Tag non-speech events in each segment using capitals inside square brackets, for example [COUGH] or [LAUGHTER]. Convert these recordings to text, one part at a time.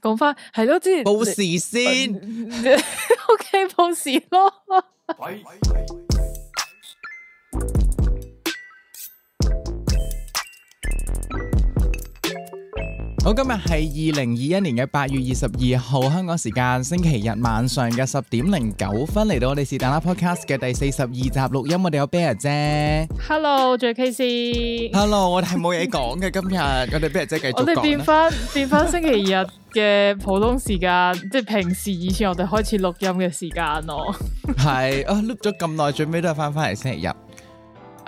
講翻係咯，之前冇事先，OK 冇事咯。好，今日係二零二一年嘅八月二十二號，香港時間星期日晚上嘅十點零九分，嚟到我哋是但啦 Podcast 嘅第四十二集錄音，我哋有 bear 姐。Hello，我係 KC。Hello，我哋係冇嘢講嘅今日，我哋 bear 姐繼續。我哋變翻變翻星期日嘅普通時間， [LAUGHS] 即係平時以前我哋開始錄音嘅時間咯。係啊 loop 咗咁耐，最尾都係翻翻嚟星期日。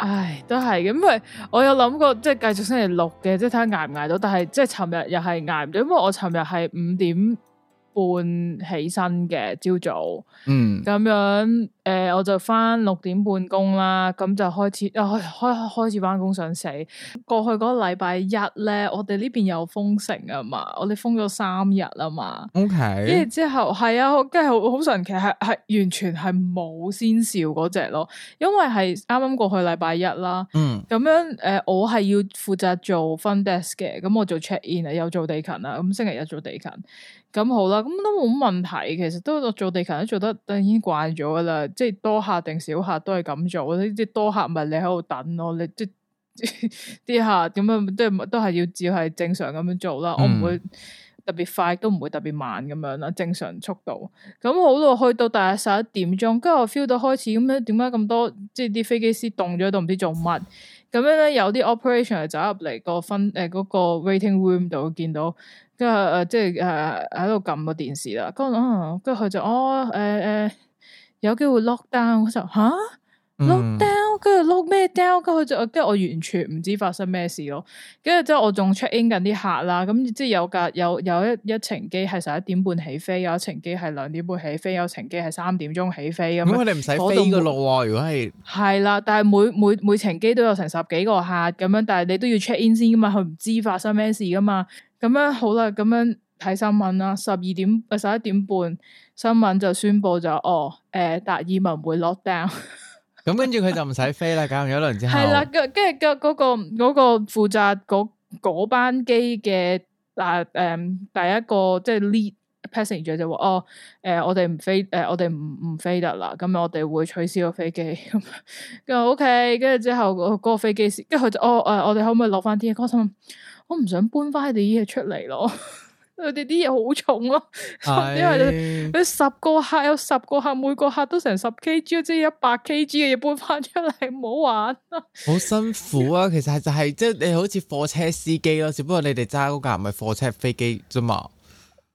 唉，都係嘅，因為我有諗過即係繼續星期六嘅，即係睇下捱唔捱到，但係即係尋日又係捱唔到，因為我尋日係五點半起身嘅朝早，嗯，咁樣。誒、呃，我就翻六點半工啦，咁就開始，開、啊、開開始翻工想死。過去嗰個禮拜一咧，我哋呢邊有封城啊嘛，我哋封咗三日啦嘛。O K，跟住之後係啊，跟住好神奇，係係完全係冇先兆嗰隻咯，因為係啱啱過去禮拜一啦。嗯，咁樣誒、呃，我係要負責做 fund desk 嘅，咁我做 check in 啊，又做地勤啊，咁星期一做地勤，咁好啦，咁都冇問題，其實都做地勤都做得，都已經慣咗噶啦。即係多客定少客都係咁做，即係多客咪你喺度等咯，你即啲客咁樣，即係 [LAUGHS] 都係要照係正常咁樣做啦。我唔會特別快，都唔會特別慢咁樣啦，正常速度。咁好到去到大約十一點鐘，跟住我 feel 到開始咁樣，點解咁多即係啲飛機師凍咗都唔知做乜？咁樣咧有啲 operation 係走入嚟個分誒嗰、呃嗰個 waiting room 度見到，跟住誒即係誒喺度撳個電視啦。跟住跟住佢就哦誒誒。呃呃有機會 lock down，我就嚇 lock down，跟住 lock 咩 down？跟住就跟住我完全唔知發生咩事咯。跟住之後我仲 check in 緊啲客啦，咁即係有架有有一一程機係十一點半起飛，有一程機係兩點半起飛，有一程機係三點鐘起飛咁。咁佢哋唔使飛嘅路喎、啊，如果係係啦，但係每每每程機都有成十幾個客咁樣，但係你都要 check in 先㗎嘛，佢唔知發生咩事㗎嘛，咁樣好啦，咁樣。睇新聞啦，十二點誒十一點半新聞就宣佈就哦誒，達、嗯、爾文會 lock down，咁跟住佢就唔使飛啦，搞完一輪之後係啦，跟跟住個嗰、那個嗰個負責嗰班機嘅，嗱誒，第一個即係 lead passenger 就話哦誒、嗯，我哋唔飛誒、嗯，我哋唔唔飛得啦，咁我哋會取消飛機咁，跟住 O K，跟住之後嗰、那、嗰、個那個飛機師跟住佢就哦誒、呃，我哋可唔可以落翻啲嘢？我心諗我唔想搬翻啲嘢出嚟咯。佢哋啲嘢好重咯、啊，哎、呀因為你十個客有十個客，每個客都成十 K G，即係一百 K G 嘅嘢，搬翻出嚟，唔好玩啊！好辛苦啊， [LAUGHS] 其實係就係即係你好似貨車司機咯，只不過你哋揸嗰架唔係貨車，飛機啫嘛。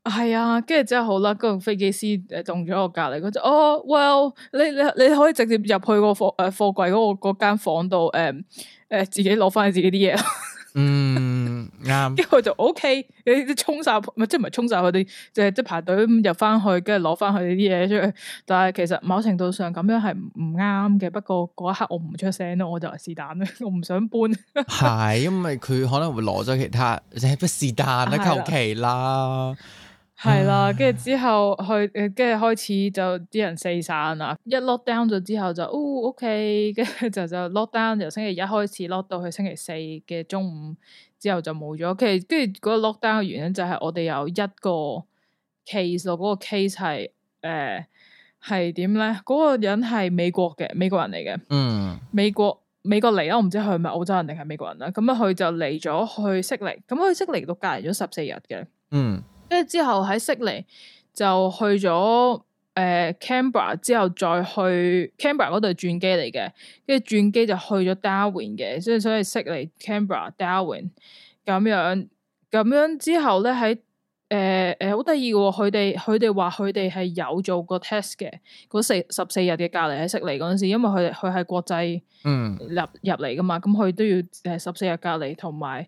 係啊，跟住之後好啦，跟、那、住、個、飛機師誒，動咗我隔籬，佢就哦，Well，你你你可以直接入去個貨誒貨櫃嗰個間房度誒誒，自己攞翻自己啲嘢。嗯啱，跟住佢就 OK，你衝晒即係唔係衝晒佢哋，即係即係排隊入翻去，跟住攞翻佢哋啲嘢出去。但係其實某程度上咁樣係唔啱嘅，不過嗰一刻我唔出聲咯，我就係是但啦，我唔想搬。係，因為佢可能會攞咗其他，即係不是但的啦，求其啦。係啦，跟住之後開，跟住開始就啲人四散啦。一 lock down 咗之後就，哦，OK，跟住就就 lock down，由星期一開始 lock 到去星期四嘅中午之後就冇咗。OK，跟住嗰個 lock down 嘅原因就係我哋有一個 case，嗰個 case 係誒係點咧？嗰、呃個人係美國嘅美國人嚟嘅，嗯美國，美國美國嚟啦，我唔知佢係咪澳洲人定係美國人啦。咁啊，佢就嚟咗去悉尼，咁佢悉尼都隔離咗十四日嘅，嗯。跟住之後喺悉尼就去咗誒、呃、Canberra 之後再去 Canberra 嗰度轉機嚟嘅，跟住轉機就去咗 Darwin 嘅。所以所以悉尼 Canberra Darwin 咁樣咁樣之後咧喺誒誒好得意嘅，佢哋佢哋話佢哋係有做過 test 嘅，嗰四十四日嘅隔離喺悉尼嗰陣時，因為佢佢係國際嗯入入嚟噶嘛，咁佢都要誒十四日隔離同埋。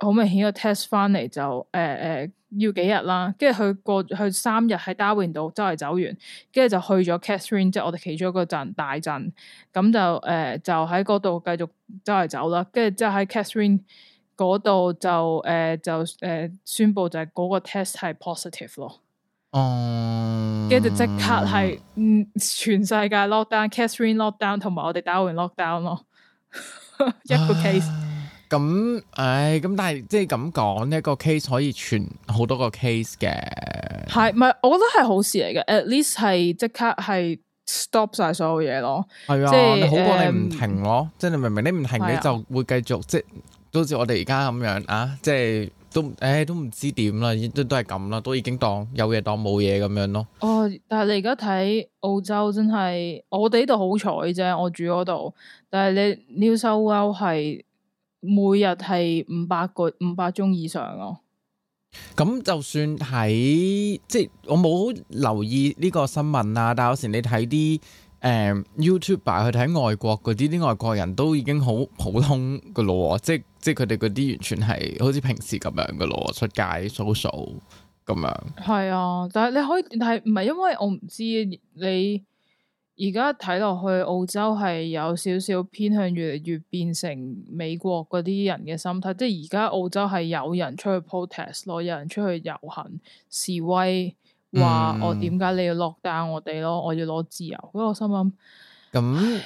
好明顯個 test 翻嚟，就誒誒、呃呃、要幾日啦，跟住佢過去三日喺 Darwin 度周圍走完，跟住就去咗 Catherine，即係我哋其中一個鎮大鎮，咁就誒、呃、就喺嗰度繼續周圍走啦，跟住之後就喺 Catherine 嗰度就誒就誒宣布就係嗰個 test 係 positive 咯，哦、um，跟住就即刻係嗯全世界 lockdown，Catherine、um、lockdown 同埋我哋 Darwin lockdown 咯， [LAUGHS] 一個 case、uh。咁、嗯，唉，咁但係即係咁講，一個 case 可以傳好多個 case 嘅。係，唔係？我覺得係好事嚟嘅，at least 係即刻係 stop 晒所有嘢咯。係啊即，嗯、好過你唔停咯。即係你明唔明？你唔停，你就會繼續、啊、即係，好似我哋而家咁樣啊！即係都，唉、哎，都唔知點啦，都都係咁啦，都已經當有嘢當冇嘢咁樣咯。哦，但係你而家睇澳洲真係，我哋呢度好彩啫，我住嗰度，但係你 New South Wales 係。每日係五百個五百宗以上咯。咁、嗯、就算喺即係我冇留意呢個新聞啊，但有時你睇啲誒 YouTube 啊，去、嗯、睇外國嗰啲啲外國人都已經好普通噶咯，即即係佢哋嗰啲完全係好似平時咁樣噶咯，出街掃掃咁樣。係啊，但係你可以，但係唔係因為我唔知你。而家睇落去澳洲係有少少偏向越嚟越變成美國嗰啲人嘅心態，即係而家澳洲係有人出去 protest 咯，有人出去遊行示威，話我點解你要 lock down 我哋咯，嗯、我要攞自由。咁我心諗，咁、嗯，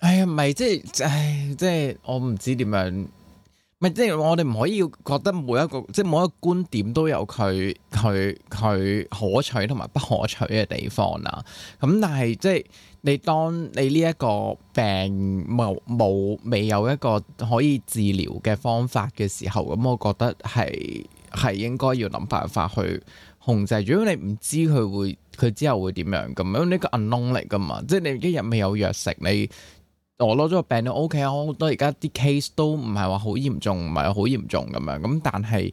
唉哎呀，唔係即係，即係我唔知點樣，唔係即係我哋唔可以覺得每一個即係每一個觀點都有佢佢佢可取同埋不可取嘅地方啦。咁但係即係。你當你呢一個病冇冇未有一個可以治療嘅方法嘅時候，咁我覺得係係應該要諗辦法，法去控制。如果你唔知佢會佢之後會點樣咁，因為呢個 unknown 嚟噶嘛，即係你一日未有藥食，你我攞咗個病都 OK 啊。我而家啲 case 都唔係話好嚴重，唔係好嚴重咁樣咁，但係。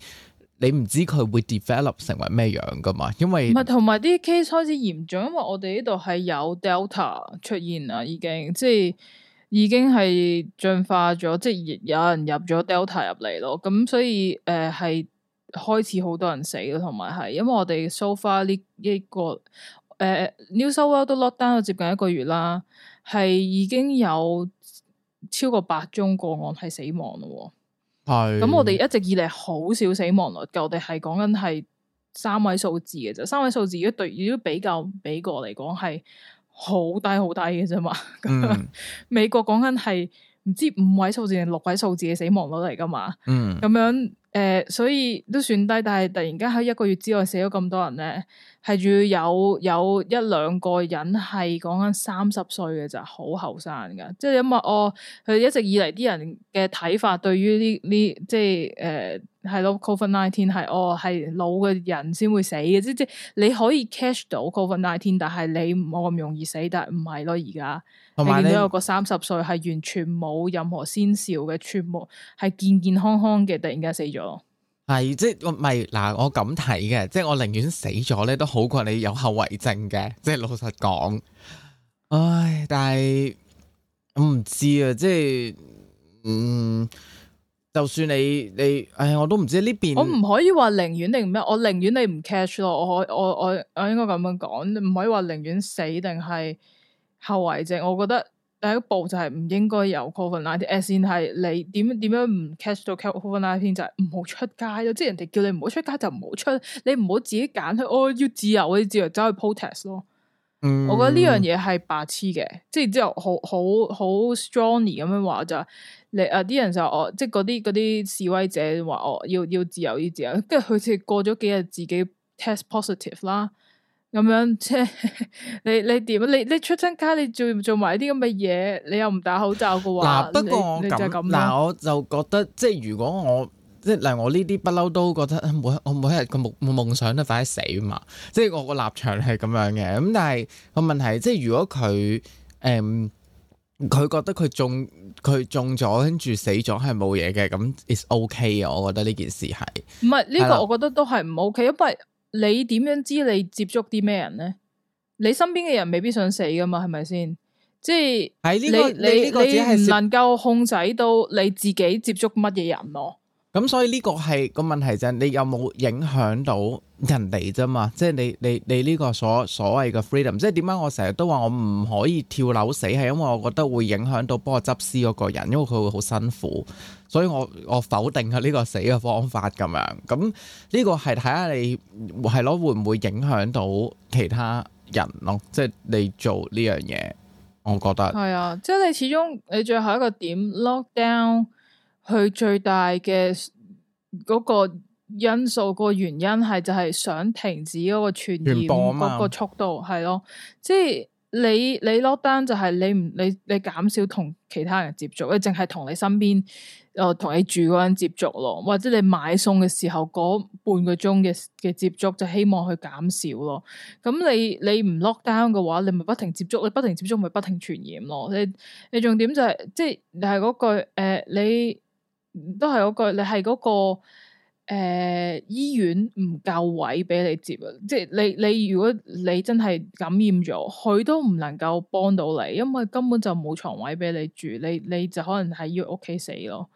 你唔知佢會 develop 成為咩樣㗎嘛？因為唔係同埋啲 case 開始嚴重，因為我哋呢度係有 delta 出現啦，已經即係已經係進化咗，即係有人入咗 delta 入嚟咯。咁、嗯、所以誒係、呃、開始好多人死咯，同埋係因為我哋 so far 呢、這、一個誒、呃、New South Wales 都 lock down 咗接近一個月啦，係已經有超過八宗個案係死亡咯。咁是我哋一直以嚟好少死亡率噶，我哋係講緊係三位數字嘅啫，三位數字如果對如果比較美國嚟講係好低好低嘅啫嘛，美國講緊係唔知五位數字定六位數字嘅死亡率嚟噶嘛，嗯、咁樣。誒、呃，所以都算低，但係突然間喺一個月之外死咗咁多人咧，係仲要有有一兩個人係講緊三十歲嘅，就好後生㗎，即係因為我佢哋，哦、一直以嚟啲人嘅睇法對於呢呢即係誒係咯，Covid nineteen 係哦係老嘅人先會死嘅，即、就、即、係、你可以 catch 到 Covid nineteen，但係你唔冇咁容易死，但係唔係咯而家。同有個三十歲係完全冇任何先兆嘅，全部係健健康康嘅，突然間死咗，係即係我唔係嗱？我咁睇嘅，即係我寧願死咗咧，都好過你有後遺症嘅。即係老實講，唉，但係我唔知啊，即係嗯，就算你你，唉、哎，我都唔知呢邊，我唔可以話寧願定咩？我寧願你唔 catch 咯，我我我我應該咁樣講，你唔可以話寧願死定係。後遺症，我覺得第一步就係唔應該有 COVID-19。誒先係你點點樣唔 catch 到 COVID-19 篇，就係唔好出街咯。即係人哋叫你唔好出街就唔好出，你唔好自己揀去。哦，要自由，我自由走去 protest 咯。嗯、我覺得呢樣嘢係白痴嘅。即係之後好好好 strongly 咁樣話就、就是、你啊啲人就我即係嗰啲嗰啲示威者話我要要自由要自由，跟住佢哋過咗幾日自己 test positive 啦。咁樣即係、就是、你你點？你你出親街，你做做埋啲咁嘅嘢，你又唔戴口罩嘅話嗱，不過我,就,我就覺得即係如果我即係例如我呢啲不嬲都覺得每我每日個夢夢想都快啲死嘛，即係我個立場係咁樣嘅。咁但係個問題即係如果佢誒佢覺得佢中佢中咗跟住死咗係冇嘢嘅，咁係 O K 啊。Okay, 我覺得呢件事係唔係呢個，我覺得都係唔 O K，因為。了你點樣知你接觸啲咩人咧？你身邊嘅人未必想死噶嘛，係咪先？即係你、這個這個、你你唔這個 能夠控制到你自己接觸乜嘢人咯。咁所以呢個係個問題就係你有冇影響到人哋啫嘛？即係你你你呢個所所謂嘅 freedom，即係點解我成日都話我唔可以跳樓死，係因為我覺得會影響到幫我執屍嗰個人，因為佢會好辛苦，所以我我否定下呢個死嘅方法咁樣。咁呢個係睇下你係咯，會唔會影響到其他人咯？即係你做呢樣嘢，我覺得係啊，即係你始終你最後一個點 lock down。佢最大嘅嗰個因素，個原因係就係想停止嗰個傳染嗰個速度係咯。即係你你 lock down 就係你唔你你減少同其他人接觸，你淨係同你身邊誒同你住嗰人接觸咯，或者你買餸嘅時候，嗰半個鐘嘅嘅接觸就希望佢減少咯。咁你你唔 lock down 嘅話，你咪不停接觸，你不停接觸咪不停傳染咯。你不不你，你重點就係、是、即係係嗰句誒你。都係嗰句，你係嗰個呃醫院唔夠位俾你接啊。即係你你如果你真係感染咗，佢都唔能夠幫到你，因為根本就冇床位俾你住，你你就可能喺你屋企死咯。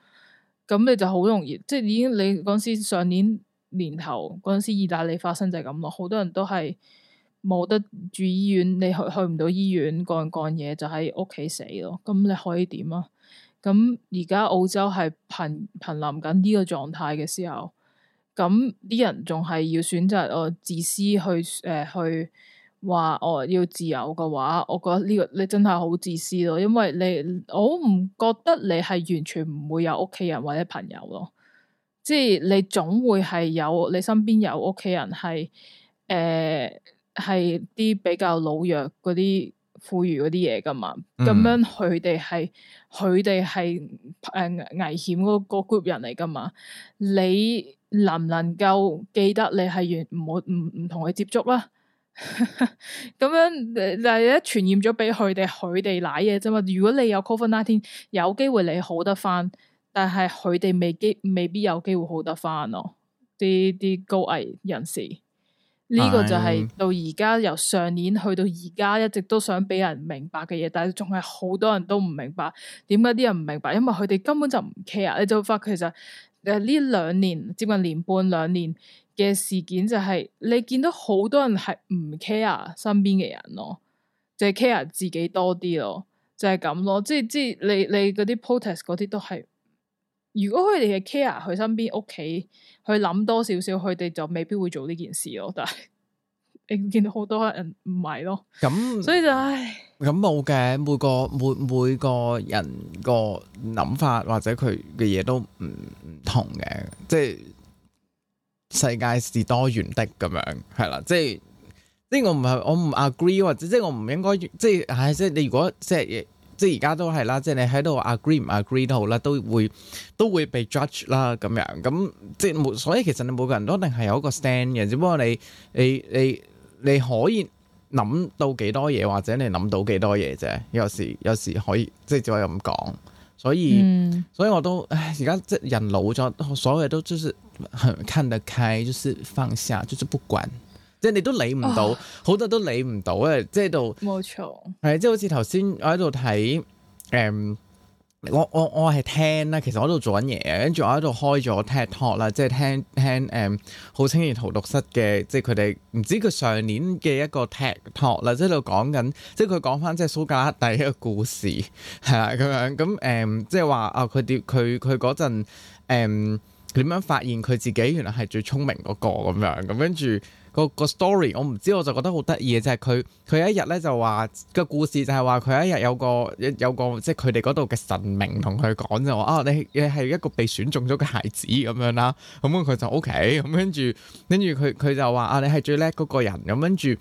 咁你就好容易，即係已經你嗰時上年年頭嗰陣時，意大利發生就係咁咯，好多人都係冇得住醫院，你去去唔到醫院乾干嘢，幹幹就喺屋企死咯。咁你可以點啊？咁而家澳洲係瀕瀕臨緊呢個狀態嘅時候，咁啲人仲係要選擇我自私去誒、呃、去話我要自由嘅話，我覺得呢、呢個你真係好自私咯，因為你我唔覺得你係完全唔會有屋企人或者朋友咯，即係你總會係有你身邊有屋企人係誒係啲比較老弱嗰啲。富裕嗰啲嘢噶嘛，咁 [NOISE] 樣佢哋係佢哋係誒危險嗰個 group 人嚟噶嘛，你能唔能夠記得你係完唔好唔唔同佢接觸啦？咁 [LAUGHS] 樣嗱，一傳染咗俾佢哋，佢哋賴嘢啫嘛。如果你有 covid nineteen，有機會你好得翻，但係佢哋未機未必有機會好得翻咯，啲啲高危人士。呢個就係到而家由上年去到而家，一直都想俾人明白嘅嘢，但係仲係好多人都唔明白。點解啲人唔明白？因為佢哋根本就唔 care。你就發覺其實誒呢兩年接近年半兩年嘅事件，就是，就係你見到好多人係唔 care 身邊嘅人咯，就係、是、care 自己多啲咯，就係咁咯。即係即係你你嗰啲 protest 嗰啲都係。如果佢哋嘅 care 佢身邊屋企，佢諗多少少，佢哋就未必會做呢件事咯。但係你見到好多人唔係咯，咁那所以就唉、是，咁冇嘅。每個每每個人個諗法或者佢嘅嘢都唔唔同嘅，即係世界是多元的咁樣，係啦，即係呢個唔係我唔 agree 或者即係我唔應該即係唉，即係你如果即係。即係而家都係啦，即係你喺度 agree 唔 agree 都好啦，都會都會被 judge 啦咁樣。咁即係冇，所以其實你每個人都一定係有一個 stand 嘅，只不過你你你你可以諗到幾多嘢，或者你諗到幾多嘢啫。有時有時可以，即係只可以咁講。所以、嗯、所以我都，唉，而家即係人老咗，所有嘢都就是看得開，就是放下，就是不管。即係你都理唔到，好、哦、多都理唔到咧。即係度冇錯，係錯即係好似頭先我喺度睇，誒、嗯，我我我係聽啦。其實我喺度做緊嘢，跟住我喺度開咗 t 踢托啦。即係聽聽誒，好清年陶讀室嘅，即係佢哋唔知佢上年嘅一個踢 k 啦。即係度講緊，即係佢講翻即係蘇格拉底嘅故事，係啦咁樣。咁、嗯、誒，即係話啊，佢點佢佢嗰陣誒點樣發現佢自己原來係最聰明嗰、那個咁樣咁，跟住。個個 story 我唔知我就覺得好得意嘅就係佢佢有一日咧就話個故事就係話佢有一日有個有個即係佢哋嗰度嘅神明同佢講就話啊你你係一個被選中咗嘅孩子咁樣啦咁佢就 ok 咁跟住跟住佢佢就話啊你係最叻嗰個人咁跟住誒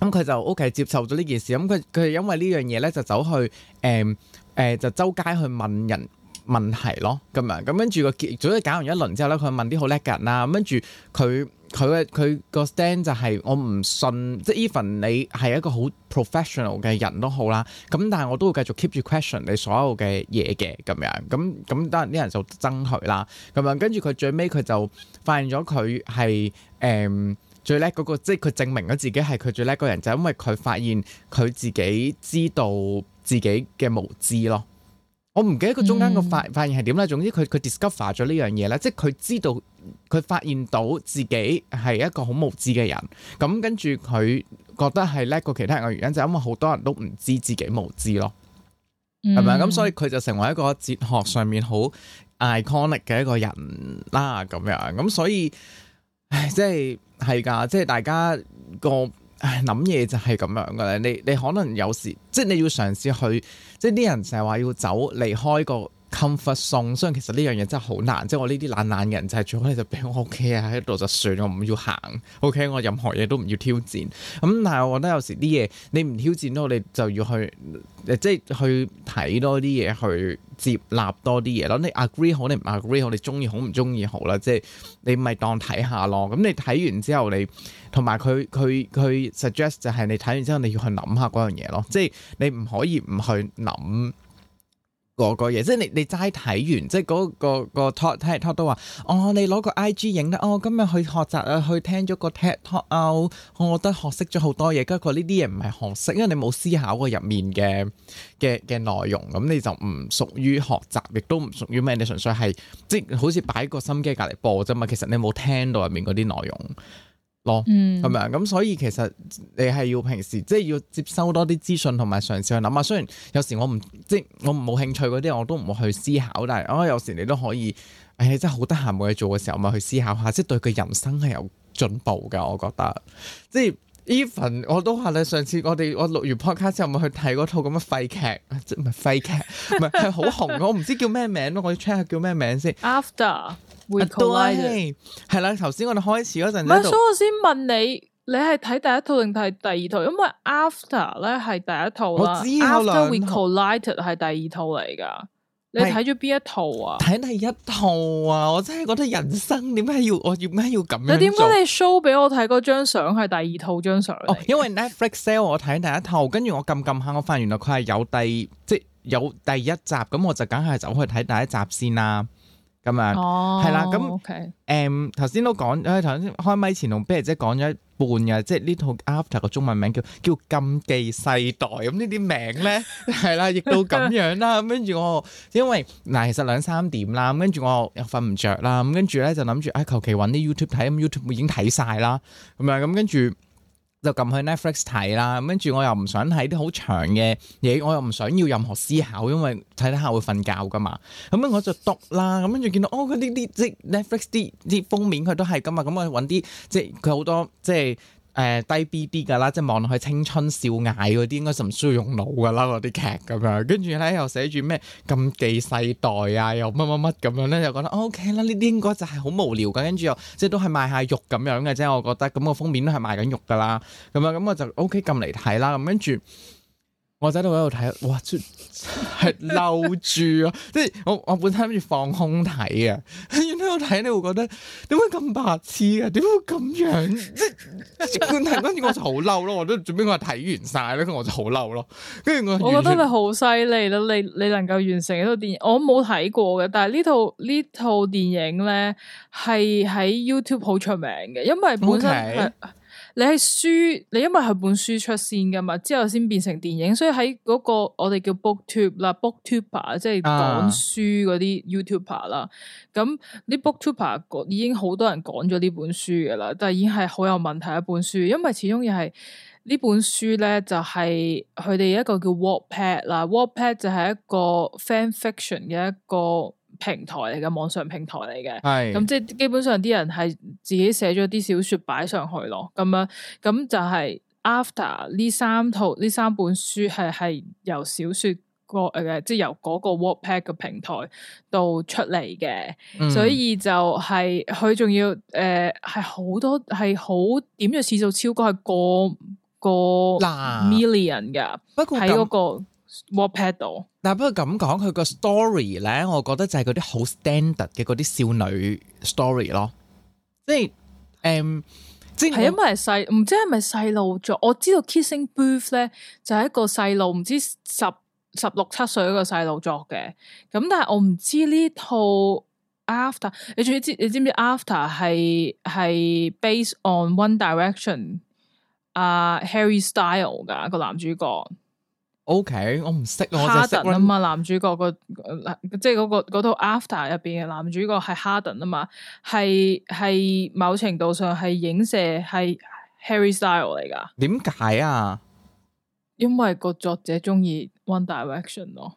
咁佢就 ok 接受咗呢件事咁佢佢因為呢樣嘢咧就走去誒誒、啊啊、就周街去問人問題咯咁樣咁跟住個結果總之搞完一輪之、啊啊、後咧佢問啲好叻嘅人啦咁跟住佢。佢嘅佢個 stand 就係我唔信，即係 even 你係一個 prof 好 professional 嘅人都好啦。咁但係我都會繼續 keep 住 question 你所有嘅嘢嘅咁樣。咁咁當然啲人就憎佢啦。咁樣，跟住佢最尾佢就發現咗佢係誒最叻嗰個，即係佢證明咗自己係佢最叻個人，就係因為佢發現佢自己知道自己嘅無知咯。嗯、JavaScript 我唔記得佢中間個發發現係點啦，總之佢佢 discover 咗呢樣嘢啦，things, 即係佢知道佢發現到自己係一個好無知嘅人，咁跟住佢覺得係叻過其他人嘅原因就因為好多人都唔知自己無知咯，係咪啊？咁、嗯、ー所以佢就成為一個哲學上面好 iconic 嘅一個人啦，咁樣咁所以，唉、欸，即係係噶，即係大家個諗嘢就係咁樣噶啦，你你可能有時即係你要嘗試去。即係啲人成日話要走，離開個 comfort zone 所以其實呢樣嘢真係好難。即係我呢啲懶懶人就係最好你就喺我屋企啊，喺度就算我唔要行。O、okay? K，我任何嘢都唔要挑戰。咁、嗯、但係我覺得有時啲嘢你唔挑戰到，你就要去，即係去睇多啲嘢，去接納多啲嘢。咯，你 agree 好，你唔 agree 好，你中意好唔中意好啦。即係你咪當睇下咯。咁、嗯、你睇完之後你，你同埋佢佢佢 suggest 就係你睇完之後你要去諗下嗰樣嘢咯。即係你唔可以唔去諗。個個嘢，即係你你齋睇完，即係嗰、嗰個、嗰個嗰個 talk 個 talk 都話，哦，你攞個 IG 影得，哦，今日去學習啊，去聽咗個 talk talk、哦、啊，我我覺得學識咗好多嘢。不過呢啲嘢唔係學識，因為你冇思考過入面嘅嘅嘅內容，咁你就唔屬於學習，亦都唔屬於咩？你純粹係即係好似擺個心機隔籬播啫嘛，其實你冇聽到入面嗰啲內容。咯，咁樣咁所以其實你係要平時即係要接收多啲資訊同埋嘗試去諗下。雖然有時我唔即係我冇興趣嗰啲，我都唔會去思考。但係啊、哦，有時你都可以，唉、哎，真係好得閒冇嘢做嘅時候，咪去思考下，即係對佢人生係有進步嘅。我覺得即係 even 我都話咧，上次我哋我錄完 podcast 之後，咪去睇嗰套咁嘅廢劇，即係唔係廢劇，唔係，係好紅， [LAUGHS] 我唔知叫咩名咯，我要 check 下叫咩名先。After。We Collided 係啦，頭先我哋開始嗰陣，唔係、嗯，所以我先問你，你係睇第一套定睇第二套？因為 After 咧係第一套，我知 After We Collided 係第二套嚟噶，你睇咗邊一套啊？睇第一套啊！我真係覺得人生點解要，我點解要咁？咁樣你點解你 show 俾我睇嗰張相係第二套張相，哦、因為 Netflix sell 我睇第一套，跟住我撳撳下，我發現原來佢係有第即係有第一集，咁我就梗係走去睇第一集先啦。咁樣，係啦、oh, okay. 嗯，咁誒頭先都講，誒頭先開咪前同 b 姐講咗一半嘅，即係呢套 After 嘅中文名叫叫《禁忌世代》，咁呢啲名咧係啦，亦都咁樣啦，咁跟住我，因為嗱其實兩三點啦，咁跟住我又瞓唔着啦，咁跟住咧就諗住啊，求其揾啲 YouTube 睇，咁 YouTube you 已經睇晒啦，咁啊咁跟住。就撳去 Netflix 睇啦，跟住我又唔想睇啲好長嘅嘢，我又唔想要任何思考，因為睇睇下會瞓覺噶嘛。咁樣我就篤啦，咁跟住見到哦，嗰啲啲即 Netflix 啲啲封面佢都係噶嘛，咁我揾啲即係佢好多即係。誒、呃、低 B 啲㗎啦，即係望落去青春少艾嗰啲，應該就唔需要用腦㗎啦，嗰啲劇咁樣。跟住咧又寫住咩禁忌世代啊，又乜乜乜咁樣咧，就覺得、哦、O、OK、K 啦。呢啲應該就係好無聊嘅，跟住又即係都係賣下肉咁樣嘅啫。我覺得咁、那個封面都係賣緊肉㗎啦。咁啊咁我就 O K 撳嚟睇啦。咁跟住。我喺度喺度睇，哇！係嬲住啊！ [LAUGHS] 即係我我本身諗住放空睇嘅，喺度睇你會覺得點解咁白痴啊？點解會咁樣？即係跟住我就好嬲咯！我都準備我睇完晒咧，我就好嬲咯。跟住我我覺得你好犀利啦！你你能夠完成一套電影，我冇睇過嘅，但係呢套呢套電影咧係喺 YouTube 好出名嘅，因為本身你係書，你因為係本書出線噶嘛，之後先變成電影，所以喺嗰個我哋叫 booktube 啦、uh.，booktuber 即係講書嗰啲 YouTuber 啦。咁啲 booktuber 已經好多人講咗呢本書噶啦，但係已經係好有問題一本書，因為始終又係呢本書咧就係佢哋一個叫 Wattpad 啦 Wattpad 就係一個 fan fiction 嘅一個。平台嚟嘅網上平台嚟嘅，係咁是即係基本上啲人係自己寫咗啲小說擺上去咯，咁樣咁就係 After 呢三套呢三本書係係由小說由個誒即係由嗰個 Wattpad 嘅平台度出嚟嘅，嗯、所以就係佢仲要誒係好多係好點擊次數超過係過嗱 million 嘅，喺嗰喏、嗰個。What p e d a 但不過咁講，佢個 story 咧，我覺得就係嗰啲好 standard 嘅嗰啲少女 story 咯，即係誒，係、um，因為細唔知係咪細路作？我知道 Kissing Booth 咧就係、是、一個細路，唔知十十六七歲一個細路作嘅。咁但係我唔知呢套 After 你仲要知你知唔知 After 係係 based on One Direction 阿、uh, Harry Style 噶、嗰個男主角。OK，我唔識，Hard en 我淨係識啊嘛。男主角即，嗰個即係嗰個套 After 入邊嘅男主角係 Harden 啊嘛，係係某程度上係影射係 Harry Styles 嚟噶。點解啊？因為個作者中意 One Direction 咯。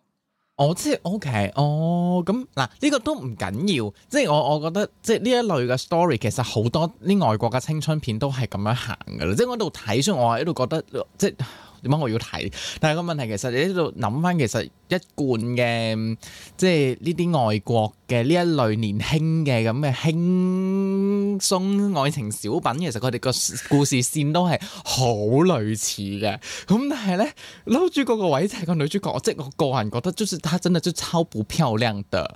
哦，即係 O K，哦咁嗱，呢個都唔緊要。即係我我覺得，即係呢一類嘅 story，其實好多啲外國嘅青春片都係咁樣行噶啦。即係我喺度睇，雖然我喺度覺得即係。點解我要睇？但係個問題其實你喺度諗返，其實一貫嘅即係呢啲外國嘅呢一類年輕嘅咁嘅輕鬆愛情小品，其實佢哋個故事線都係好類似嘅。咁但係咧，女 [LAUGHS] 主角個位就係個女主角，即係我個人覺得，就係她真係都超唔漂亮嘅。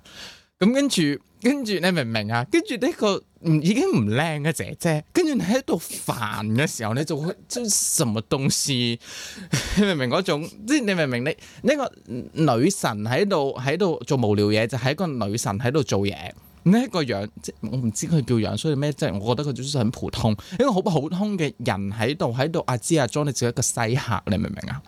咁跟住。跟住你明唔明啊？跟住呢個唔已經唔靚嘅姐姐，跟住你喺度煩嘅時候，你就會即係什麼東西？你明唔明嗰種？即係你明唔明你？你呢個女神喺度喺度做無聊嘢，就係一個女神喺度做嘢。呢個樣即我唔知佢叫樣衰咩？即係我覺得佢種算係很普通，一個好普通嘅人喺度喺度啊！知啊裝你自己一個西客，你明唔明啊？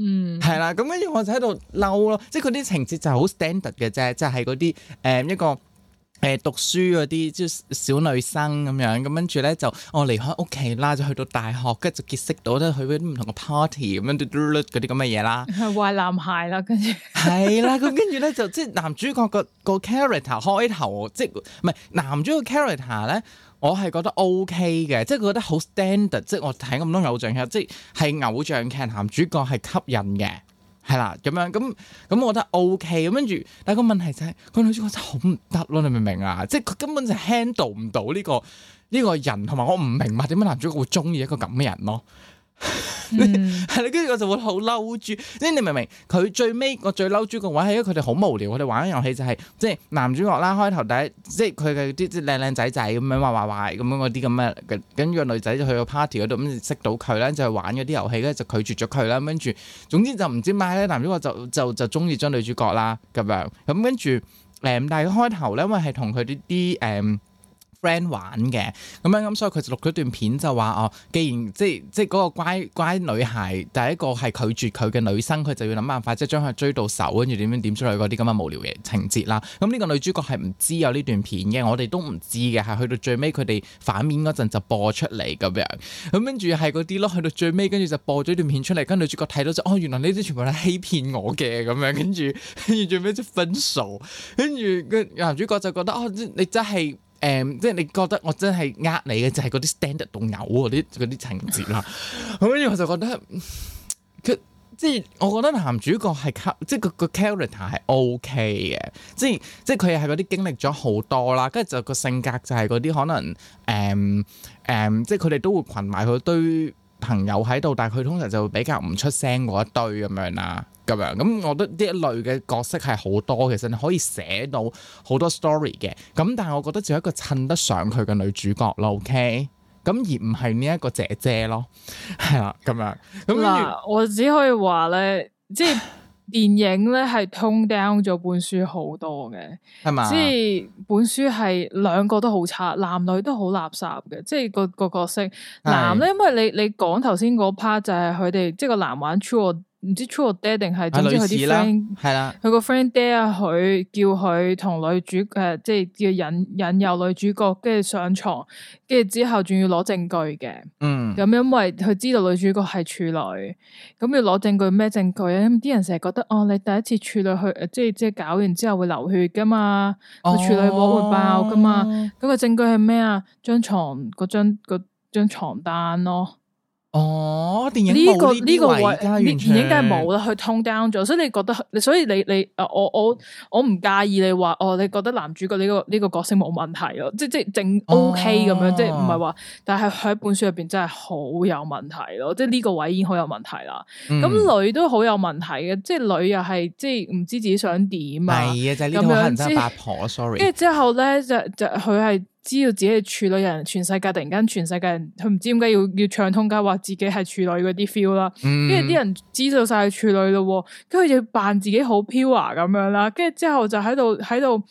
嗯，係啦。咁跟住我就喺度嬲咯。即係佢啲情節就好 standard 嘅啫，即係嗰啲誒一個。誒讀書嗰啲即小女生咁樣，咁跟住咧就我離開屋企啦，就去到大學，跟住就結識到咧去嗰啲唔同嘅 party 咁樣，嘟嘟嗰啲咁嘅嘢啦，係壞男孩啦，跟住係啦，咁跟住咧就即係男主角個個 character 開頭，即係唔係男主角 character 咧，角角我係覺得 OK 嘅，即係覺得好 standard，即係我睇咁多偶像劇，即係偶像劇男主角係吸引嘅。係啦，咁樣咁咁，我覺得 OK。咁跟住，但係個問題就係，個女主角真係好唔得咯，你明唔明啊？即係佢根本就 handle 唔到呢個呢個人，同埋我唔明白點解男主角會中意一個咁嘅人咯。係啦，跟住 [LAUGHS] 我就會好嬲豬。你明唔明？佢最尾我最嬲豬個位係因為佢哋好無聊，佢哋玩嘅遊戲就係、是、即係男主角啦。開頭第一，即係佢嘅啲靚靚仔仔咁樣，壞壞壞咁樣嗰啲咁嘅，跟住個女仔就去個 party 嗰度咁識到佢啦，就去玩嗰啲遊戲，跟住就拒絕咗佢啦。跟住，總之就唔知點解男主角就就就中意咗女主角啦咁樣。咁跟住誒，但係開頭咧，因為係同佢啲啲誒。嗯 friend 玩嘅咁樣咁，所以佢就錄咗段片就話哦，既然即係即係嗰個乖乖女孩第一個係拒絕佢嘅女生，佢就要諗辦法即係將佢追到手，跟住點點點出嚟嗰啲咁嘅無聊嘅情節啦。咁，嗯，呢個女主角係唔知有呢段片嘅，我哋都唔知嘅，係去到最尾佢哋反面嗰陣就播出嚟咁樣，咁跟住係嗰啲咯，去到最尾跟住就播咗段片出嚟，跟女主角睇到哦，原來呢啲全部係欺騙我嘅咁樣，跟住跟住最尾就分手，跟住男主角就覺得哦，你真係～誒，um, 即係你覺得我真係呃你嘅，就係嗰啲 standard 都有嗰啲嗰啲情節啦。跟住 [LAUGHS] 我就覺得佢即係我覺得男主角係即係佢個 character 係 OK 嘅，即係即係佢又係嗰啲經歷咗好多啦。跟住就個性格就係嗰啲可能誒誒、嗯嗯，即係佢哋都會群埋佢堆朋友喺度，但係佢通常就會比較唔出聲嗰一堆咁樣啦。咁樣，咁我覺得呢一類嘅角色係好多，其實你可以寫到好多 story 嘅。咁但係我覺得只有一個襯得上佢嘅女主角咯。OK，咁而唔係呢一個姐姐咯，係啦咁樣。咁喇後我只可以話咧，即係電影咧係 tone down 咗本書好多嘅，係嘛吧？即係本書係兩個都好差，男女都好垃圾嘅，即係個個角色是男咧，因為你你講頭先嗰 part 就係佢哋即係個男玩 true。唔知 true or dare 定係點知佢啲 friend？係啦，佢個 friend 爹啊，佢的叫佢同女主誒、呃，即係叫引引誘女主角，跟住上床，跟住之後仲要攞證據嘅。嗯，咁因為佢知道女主角係處女，咁要攞證據咩證據啊？咁啲人成日覺得哦，你第一次處女去，即係即係搞完之後會流血噶嘛？個處女膜會，會爆噶嘛？咁、哦、個證據係咩啊？張床嗰張張床單咯。哦，電影呢、這個呢、這個位，電完全 影梗係冇啦，佢 tone down 咗，所以你覺得，所以你你誒，我我我唔介意你話，哦，你覺得男主角呢、這個呢、這個角色冇問題咯，即即正 OK 咁樣，即唔係話，但係佢喺本書入邊真係好有問題咯，即呢個位已經好有問題啦，咁女都好有問題嘅，即女又係即唔知自己想點啊，係啊，就呢套《恨嫁八婆》，sorry，跟住之後咧就就佢係。知道自己係處女人，全世界突然間全世界人，佢唔知點解要要唱通街話自己係處女嗰啲 feel 啦，跟住啲人知道晒係處女咯，跟住就扮自己好 pure 咁樣啦，跟住之後就喺度喺度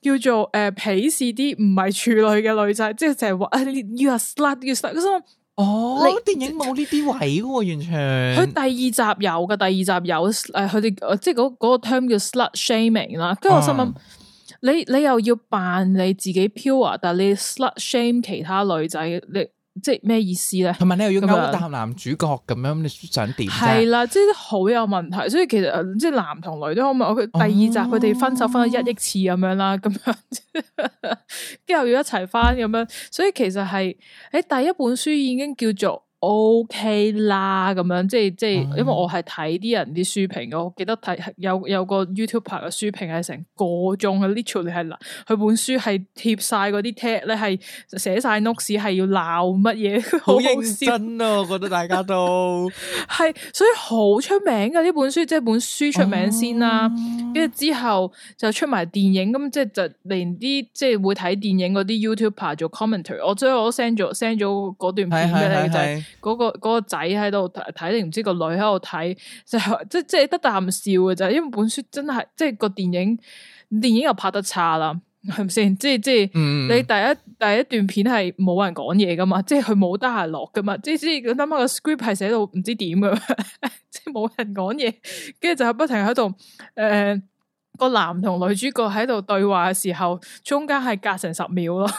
叫做誒、呃、鄙視啲唔係處女嘅女仔，即係成日話 you are slut, you are slut，跟住我心諗，哦，你電影冇呢啲位喎、啊，完全，佢第二集有嘅，第二集有誒，佢、啊、哋即係嗰、嗰個 term 叫 slut shaming 啦，跟住我心諗。嗯。你你又要扮你自己 pure，但你 slut shame 其他女仔，你即係咩意思咧？同埋你又要咁樣搭男主角咁樣，咁你想點？係啦樣，即係好有問題。所以其實即係男同女都可唔可？佢第二集佢哋分手分咗一億次咁樣啦，咁、哦、樣，跟住又要一齊翻咁樣。所以其實係喺第一本書已經叫做。O、OK、K 啦，咁樣即係即係，因為我係睇啲人啲書評嘅。嗯、我記得睇有有個 YouTuber 嘅書評係成個鐘嘅，literally 係嗱，佢本書係貼晒嗰啲 tag 咧，係寫晒 notes 係要鬧乜嘢，好認真咯、啊。我覺得大家都係， [LAUGHS] 所以好出名嘅呢本書，即係本書出名先啦、啊，跟住、哦、之後就出埋電影，咁即係就連啲即係會睇電影嗰啲 YouTuber 做 commentary。所以我最後我都 send 咗 send 咗嗰段片俾你的嗰、嗰個、嗰個仔喺度睇定唔知個女喺度睇，就即即得啖笑嘅，就係因為本書真係即係個電影電影又拍得差啦，係咪先。即即你第一第一段片係冇人講嘢噶嘛，即係佢冇得閒落噶嘛，即即諗下個 script 係寫到唔知點嘅，即冇人講嘢，跟住就不停喺度誒個男同女主角喺度對話嘅時候中間係隔成十秒咯，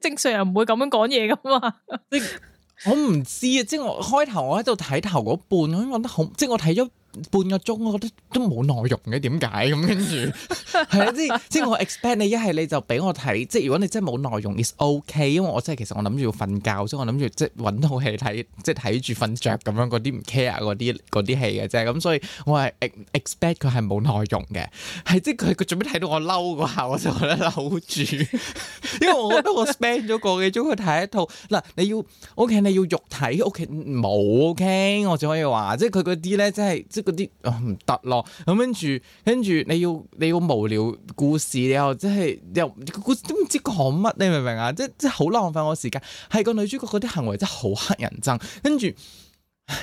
正常人唔會咁樣講嘢噶嘛？ [LAUGHS] 我唔知啊，即係我開頭我喺度睇頭嗰半，我已經覺得好，即係我睇咗。半個鐘，我覺得都冇內容嘅，點解咁跟住？係啊、嗯，即即我 expect 你一係你就俾我睇，即如果你真係冇內容，is ok，因為我真係其實我諗住要瞓覺即著著，所以我諗住即揾套戲睇，即睇住瞓着咁樣嗰啲唔 care 嗰啲啲戲嘅啫。咁所以，我係 expect 佢係冇內容嘅，係即佢佢做咩睇到我嬲嗰下，我就覺得嬲住，因為我覺得我 spend 咗個幾鐘去睇一套嗱，à，你要 ok，你要肉體，ok 冇 okay, ok，我只可以話即佢嗰啲咧，即係。即嗰啲唔得咯，咁跟住跟住你要你要無聊故事，你又即係又個故事都唔知講乜，你明唔明啊？即即係好浪費我時間。係個女主角嗰啲行為真係好乞人憎，跟住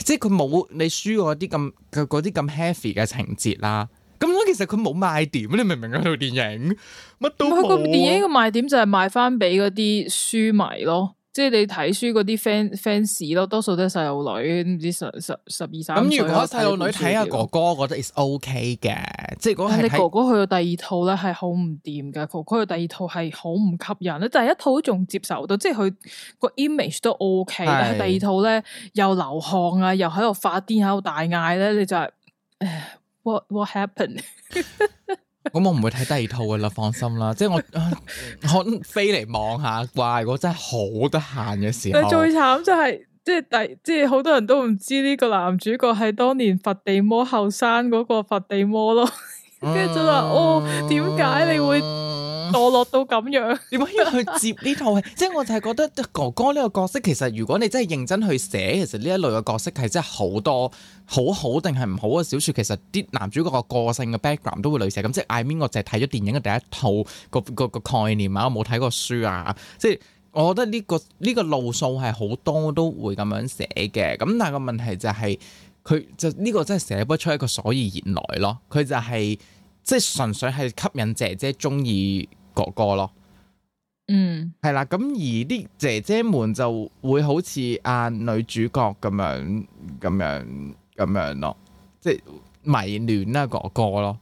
即係佢冇你書嗰啲咁嗰啲咁 happy 嘅情節啦。咁其實佢冇賣點，你明唔明啊？套、那個、電影乜都冇。電影嘅賣點就係賣翻俾嗰啲書迷咯。即係你睇書嗰啲 fan fans 咯，多數都係細路女，唔知十十十二三歲。咁如果細路女睇下哥哥，覺得 is O K 嘅，即係講係。但你哥哥去到第二套咧，係好唔掂嘅。哥哥去第二套係好唔吸引咧，但係一套仲接受到，即係佢個 image 都 O K。是但第二套咧又流汗啊，又喺度發癲，喺度大嗌咧，你就係、是、誒，what what happened？ [LAUGHS] 咁 [LAUGHS] 我唔會睇第二套噶啦，放心啦， [LAUGHS] 即係我我飛嚟望下挂，如果真係好得閒嘅時候。最慘就係即係第即係好多人都唔知呢個男主角係當年佛地魔後生嗰個佛地魔咯。跟住就話、嗯、哦，點解你會墮落到咁樣？點解要去接呢套戲？即係我就係覺得哥哥呢個角色，其實如果你真係認真去寫，其實呢一類嘅角色係真係好多好好定係唔好嘅小說。其實啲男主角個個性嘅 background 都會類似咁。即係 I mean，我就係睇咗電影嘅第一套個個個概念啊，我冇睇過書啊。即係我覺得呢、呢個呢、呢個路數係好多都會咁樣寫嘅。咁但係個問題就係、是。佢就呢、這個真係寫不出一個所以然來咯，佢就係、是、即係純粹係吸引姐姐中意哥哥咯，嗯，係啦，咁而啲姐姐們就會好似阿、啊、女主角咁樣咁樣咁樣咯，即係迷戀啦哥哥咯，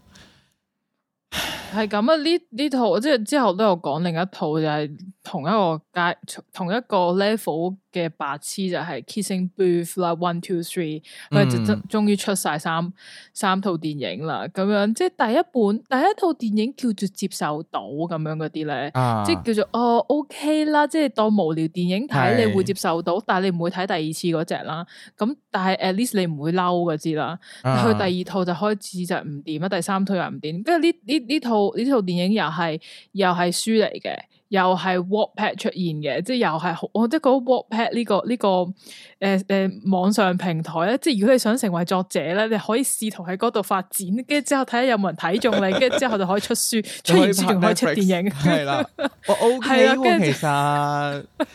係咁啊，呢呢套即係之後都有講另一套就係、是。同一個階，同一個 level 嘅白痴就係 Kissing Booth 啦，one two three，佢、嗯、就終終於出晒三三套電影啦，咁樣即係第一本第一套電影叫做接受到咁樣嗰啲咧，啊、即係叫做哦 OK 啦，即係當無聊電影睇係你會接受到，但係你唔會睇第二次嗰隻啦。咁但係 at least 你唔會嬲嗰啲啦。佢、啊、第二套就開始就唔掂啦，第三套又唔掂。跟住呢呢呢套呢套電影又係又係書嚟嘅。又係 Wattpad 出現嘅，即係又係我覺得嗰 Wattpad 呢、這個呢、這個誒誒、呃呃、網上平台咧，即係如果你想成為作者咧，你可以試圖喺嗰度發展，跟住之後睇下有冇人睇中你，跟住 [LAUGHS] 之後就可以出書，出完書仲 [LAUGHS] 可以出電影，係 [LAUGHS] 啦，我 OK 跟住了其實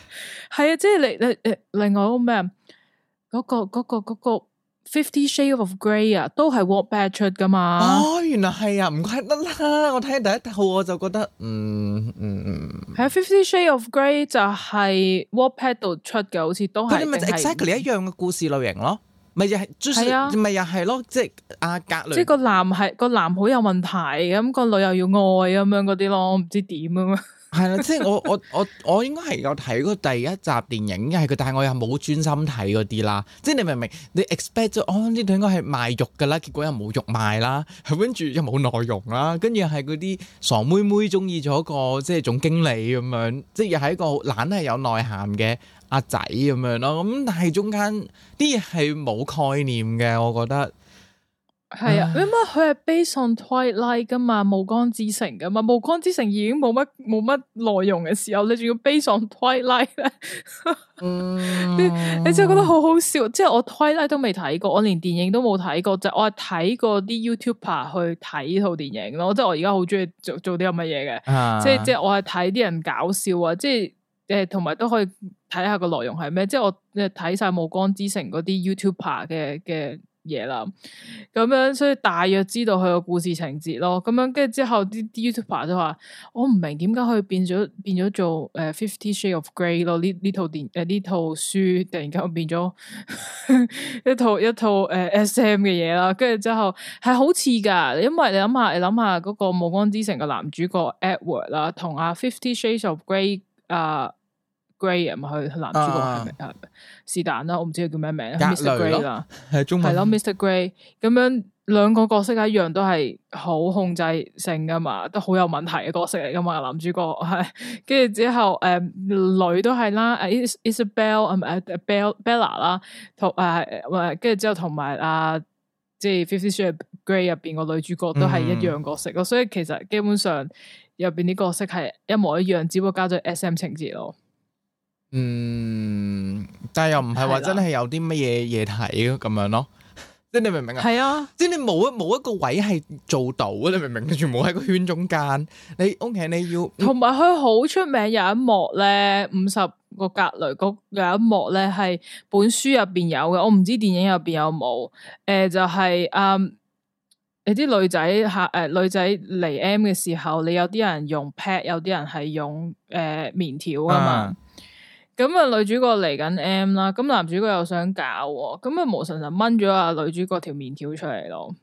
係啊， [LAUGHS] 即係你你誒另外嗰個咩啊？嗰個嗰嗰個。那個那個 Fifty Shades of Grey 啊，都係 Warner 出噶嘛？哦，原來係啊，唔怪得啦。我睇第一套我就覺得，嗯嗯，係 Fifty Shades of Grey 就係 Warner 出嘅，好似都係。佢哋咪 exactly 一樣嘅故事類型咯，咪又係，咪又係咯，即係阿格雷。即係個男係個男好有問題，咁個女又要愛咁樣嗰啲咯，我唔知點啊嘛。 [LAUGHS] 係啦， [MUSIC] 即係我我我我應該係有睇過第一集電影嘅，但係我又冇專心睇嗰啲啦。即係你明唔明？你 expect 咗，哦，呢度應該係賣肉噶啦，結果又冇肉賣啦，係跟住又冇內容啦，跟住係嗰啲傻妹妹中意咗一個即係總經理咁樣，即係又係一個懶係有內涵嘅阿仔咁樣咯。咁、嗯、但係中間啲嘢係冇概念嘅，我覺得。係啊，唉你諗下佢係 based on Twilight 噶嘛，暮光之城噶嘛，暮光之城已經冇乜冇乜內容嘅時候，你仲要 based on Twilight 咧、 [LAUGHS] 嗯？ [LAUGHS] 你真係覺得好好笑。即係我 Twilight 都未睇過，我連電影都冇睇過，就是、我係睇過啲 YouTuber 去睇套電影咯。即係我而家好中意做做啲咁嘅嘢嘅，即係即係我係睇啲人搞笑啊，即係誒，同埋都可以睇下個內容係咩。即係我誒睇晒暮光之城嗰啲 YouTuber 嘅嘅，嘢啦，咁樣所以大約知道佢個故事情節咯。咁樣跟住之後啲 YouTuber 就話我唔明點解可以變咗變咗做誒《Fifty、呃、Shades of Grey 咯》咯，呢呢套電誒呢套書突然間變咗 [LAUGHS] 一套一套誒、呃、SM 嘅嘢啦。跟住之後係好似噶，因為你諗下你諗下嗰個暮光之城嘅男主角 Edward 啦，同阿、啊《Fifty Shades of Grey、呃》啊。Gray 啊，咪係男主角係咩？是但啦，我唔知佢叫咩名。Mr. Gray 啦，係中文係咯。Mr. Gray 咁樣，兩個角色一樣都係好控制性噶嘛，都好有問題嘅角色嚟噶嘛。男主角係跟住之後，誒、呃，女都係啦。誒，Isabelle 啊，唔係 Bella Bella 啦，同誒，跟住之後同埋啊，即係 Fifty Shades Gray 入邊個女主角都係一樣角色咯，嗯、所以其實基本上入邊啲角色係一模一樣，只不過加咗 SM 情節咯。嗯，但係又唔係話真係有啲乜嘢嘢睇咁樣咯。即 [LAUGHS] 係你明唔明是啊？係啊，即係你冇一冇一個位係做到啊，你明唔明？你全部喺個圈中間，你 OK，你要同埋佢好出名有一幕咧，五十個格雷嗰有一幕咧係本書入邊有嘅，我唔知電影入邊有冇誒、呃，就係、是、嗯你啲女仔吓誒，女仔嚟 M 嘅時候，你有啲人用 pad，有啲人係用誒棉條啊嘛。嗯咁啊，女主角嚟緊 M 啦，咁男主角又想搞，咁啊，冇神神就掹咗啊女主角條棉條出嚟咯。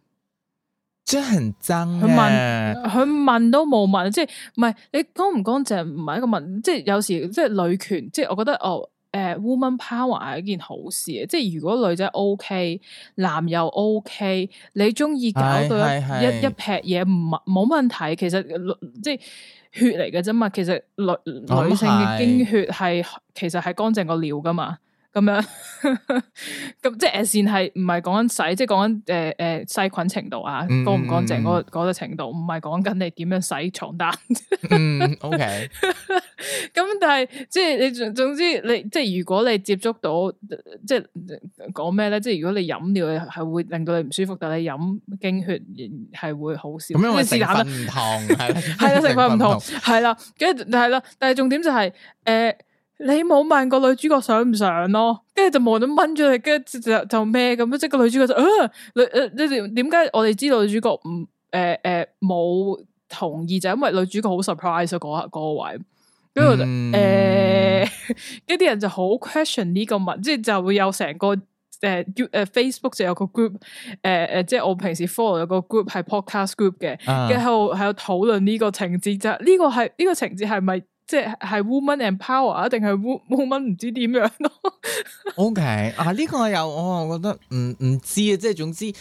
真係爭，佢問，佢問都冇問，即係唔係你公唔公正，唔係一個問，即係有時即係女權，即係我覺得哦，誒、呃，woman power 係一件好事嘅，即係如果女仔 OK，男又 OK，你中意搞到一是是是一，一，一劈嘢，唔冇問題，其實即係。即血嚟嘅啫嘛，其實女女性嘅經血係不其實，係乾淨過尿噶嘛。咁樣咁即係線係唔係講緊洗，即係講緊誒誒細菌程度啊，乾唔乾淨嗰嗰個程度，唔係講緊你點樣洗床單 [LAUGHS] 嗯。嗯，OK。咁 [LAUGHS] 但係即係你總之你即係如果你接觸到即係講咩咧，即係如果你飲料係會令到你唔舒服，但你飲經血係會好少。咁樣成分唔同，係啦，成、 [LAUGHS] 啊、分唔同，係啦，跟係啦，但係重點就係、是、誒。呃你冇問個女主角想唔想咯，跟住就望咗掹咗佢，跟住就就咩咁？即個女主角就啊，女誒，你點解我哋知道女主角唔誒誒冇同意？就因為女主角好 surprise 啊，嗰、那、刻個位，跟住就誒，跟、呃、啲、嗯欸、人就好 question 呢個物，即係就會有成個誒誒、呃呃、Facebook 就有個 group，誒、呃、誒，即係我平時 follow 有個 group 係 podcast group 嘅，跟、啊啊、後喺度討論呢個情節，就呢、是這個係呢、這個情節係咪？即係係 woman and power woman [LAUGHS] okay，啊，定係 woman 唔知點樣咯？O K 啊，呢個又我又覺得唔唔知啊，即係總之，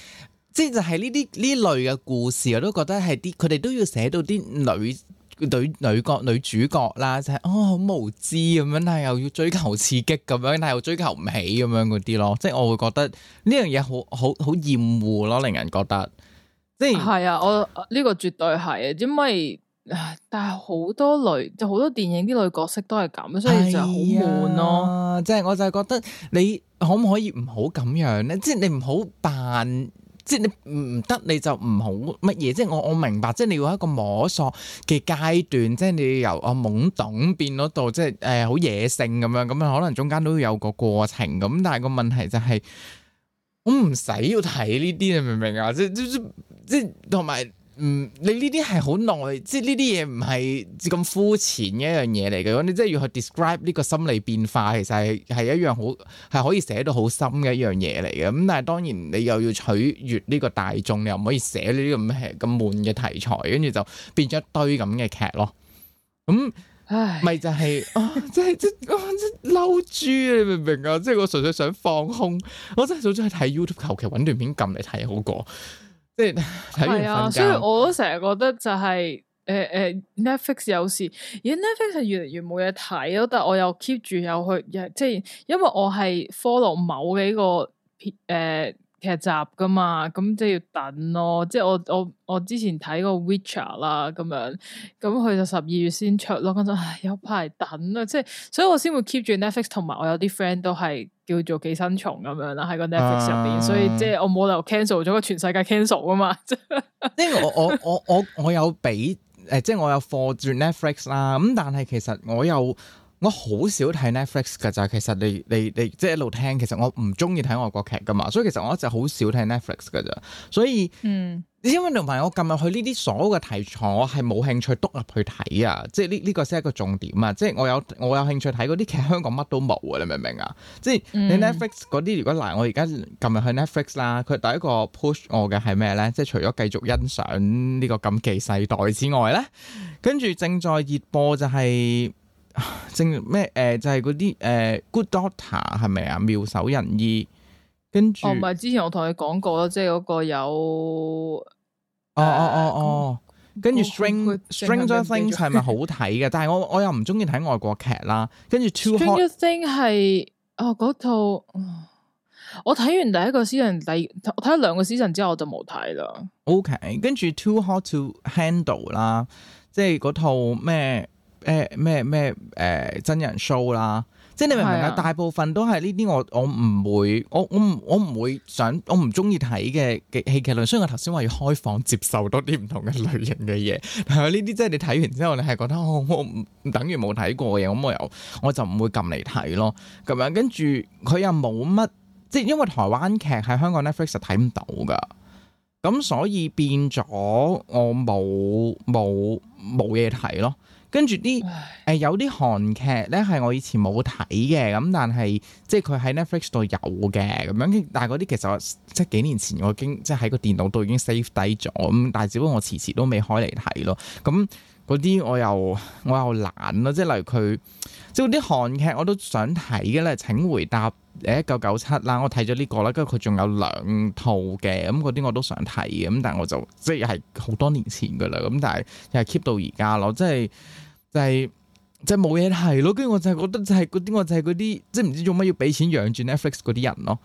即係就係呢啲呢類嘅故事，我都覺得係啲佢哋都要寫到啲女女女角女主角啦，就係哦好無知咁樣，但係又要追求刺激咁樣，但係又追求唔起咁樣嗰啲咯，即係我會覺得呢樣嘢好好好厭惡咯，令人覺得即係係啊，我呢個絕對係，因為。但係好多類就好多電影啲女角色都係咁，所以就好悶咯。即係我就係覺得你可唔可以唔好咁樣咧？即係你唔好扮，即係你唔得你就唔好乜嘢。即係我我明白，即係你要一個摸索嘅階段，即係你要由阿懵懂變到度，即係誒好野性咁樣，咁啊可能中間都要有個過程咁。但係個問題就係我唔使要睇呢啲，你明唔明啊？即係即即同埋。就是就是嗯，你呢啲係好耐，即係呢啲嘢唔係咁膚淺嘅一樣嘢嚟嘅。你真係要去 describe 呢個心理變化，其實係係一樣好係可以寫到好深嘅一樣嘢嚟嘅。咁但係當然你又要取悅呢個大眾，你又唔可以寫呢啲咁係咁悶嘅題材，跟住就變咗一堆咁嘅劇咯。咁、嗯，咪唉 就係、是、唉 啊，即係即係啊，嬲豬你明唔明啊？即係我純粹想放空，我真係純粹去睇 YouTube 求其揾段片撳嚟睇好過。即係睇啊，所以我都成日覺得就係誒誒，Netflix 有時而家 Netflix 係越嚟越冇嘢睇咯。但係我又 keep 住又去，即係因為我係 follow 某幾個誒。呃劇集噶嘛，咁即係要等咯。即係我我我之前睇個《Witcher》啦，咁樣咁佢就十二月先出咯。咁就有排等啊。即係所以我先會 keep 住 Netflix，同埋我有啲 friend 都係叫做寄生蟲咁樣啦，喺個 Netflix 入邊。呃、所以即係我冇理由 cancel 咗個全世界 cancel 啊嘛。即為、嗯、 [LAUGHS] 我我我我我有俾誒，即係我有 for 住 Netflix 啦。咁但係其實我又。我好少睇 Netflix 噶咋，其實你你你即係一路聽，其實我唔中意睇外國劇噶嘛，所以其實我一直好少睇 Netflix 噶咋。所以，嗯、因為同埋我撳入去呢啲所有嘅題材，我係冇興趣篤入去睇啊！即係呢呢個先係一個重點啊！即係我有我有興趣睇嗰啲劇，香港乜都冇啊！你明唔明啊？即係你 Netflix 嗰啲，如果嗱我而家撳入去 Netflix 啦，佢第一個 push 我嘅係咩咧？即係除咗繼續欣賞呢個《禁忌世代》之外咧，跟住正在熱播就係、是。正咩？誒，就係嗰啲誒，Good Doctor 係咪啊？妙手仁醫，跟住傅哦，唔係，之前我同你講過啦，即係嗰個有哦哦哦哦，跟住 Stranger Stranger Things 係咪好睇嘅？但係我我又唔中意睇外國劇啦。跟住 two Stranger Things 係哦嗰套，我睇完第一個 season，第，睇咗兩個 season 之後我就冇睇啦。OK，跟住 too hot to handle 啦，即係嗰套咩？誒咩咩誒真人 show 啦，即係你明唔明係大部分都係呢啲，是啊、我我唔會，我我唔我唔會想，我唔中意睇嘅嘅戲劇類，所以我頭先話要開放接受多啲唔同嘅類型嘅嘢。但係，呢啲即係你睇完之後，你係覺得、哦、我唔等於冇睇過嘅嘢，咁我又我就唔會撳嚟睇咯。咁樣跟住佢又冇乜，即係因為台灣劇喺香港 Netflix 睇唔到㗎，咁所以變咗我冇冇冇嘢睇咯。跟住啲誒有啲韓劇咧係我以前冇睇嘅咁，但係即係佢喺 Netflix 度有嘅咁樣，但係嗰啲其實我即係幾年前我經已經即係喺個電腦度已經 save 低咗咁，但係只不過我遲遲都未開嚟睇咯。咁嗰啲我又我又懶咯，即係例如佢即係嗰啲韓劇我都想睇嘅咧。請回答。誒，一九九七啦，1997，我睇咗呢個啦，跟住佢仲有兩套嘅，咁嗰啲我都想睇，咁但係我就即係好多年前噶啦，咁但係又係 keep 到而家咯，即係就係即係冇嘢睇咯，跟住我就係覺得就係嗰啲我就係嗰啲即係唔知做乜要俾錢養住 Netflix 嗰啲人咯。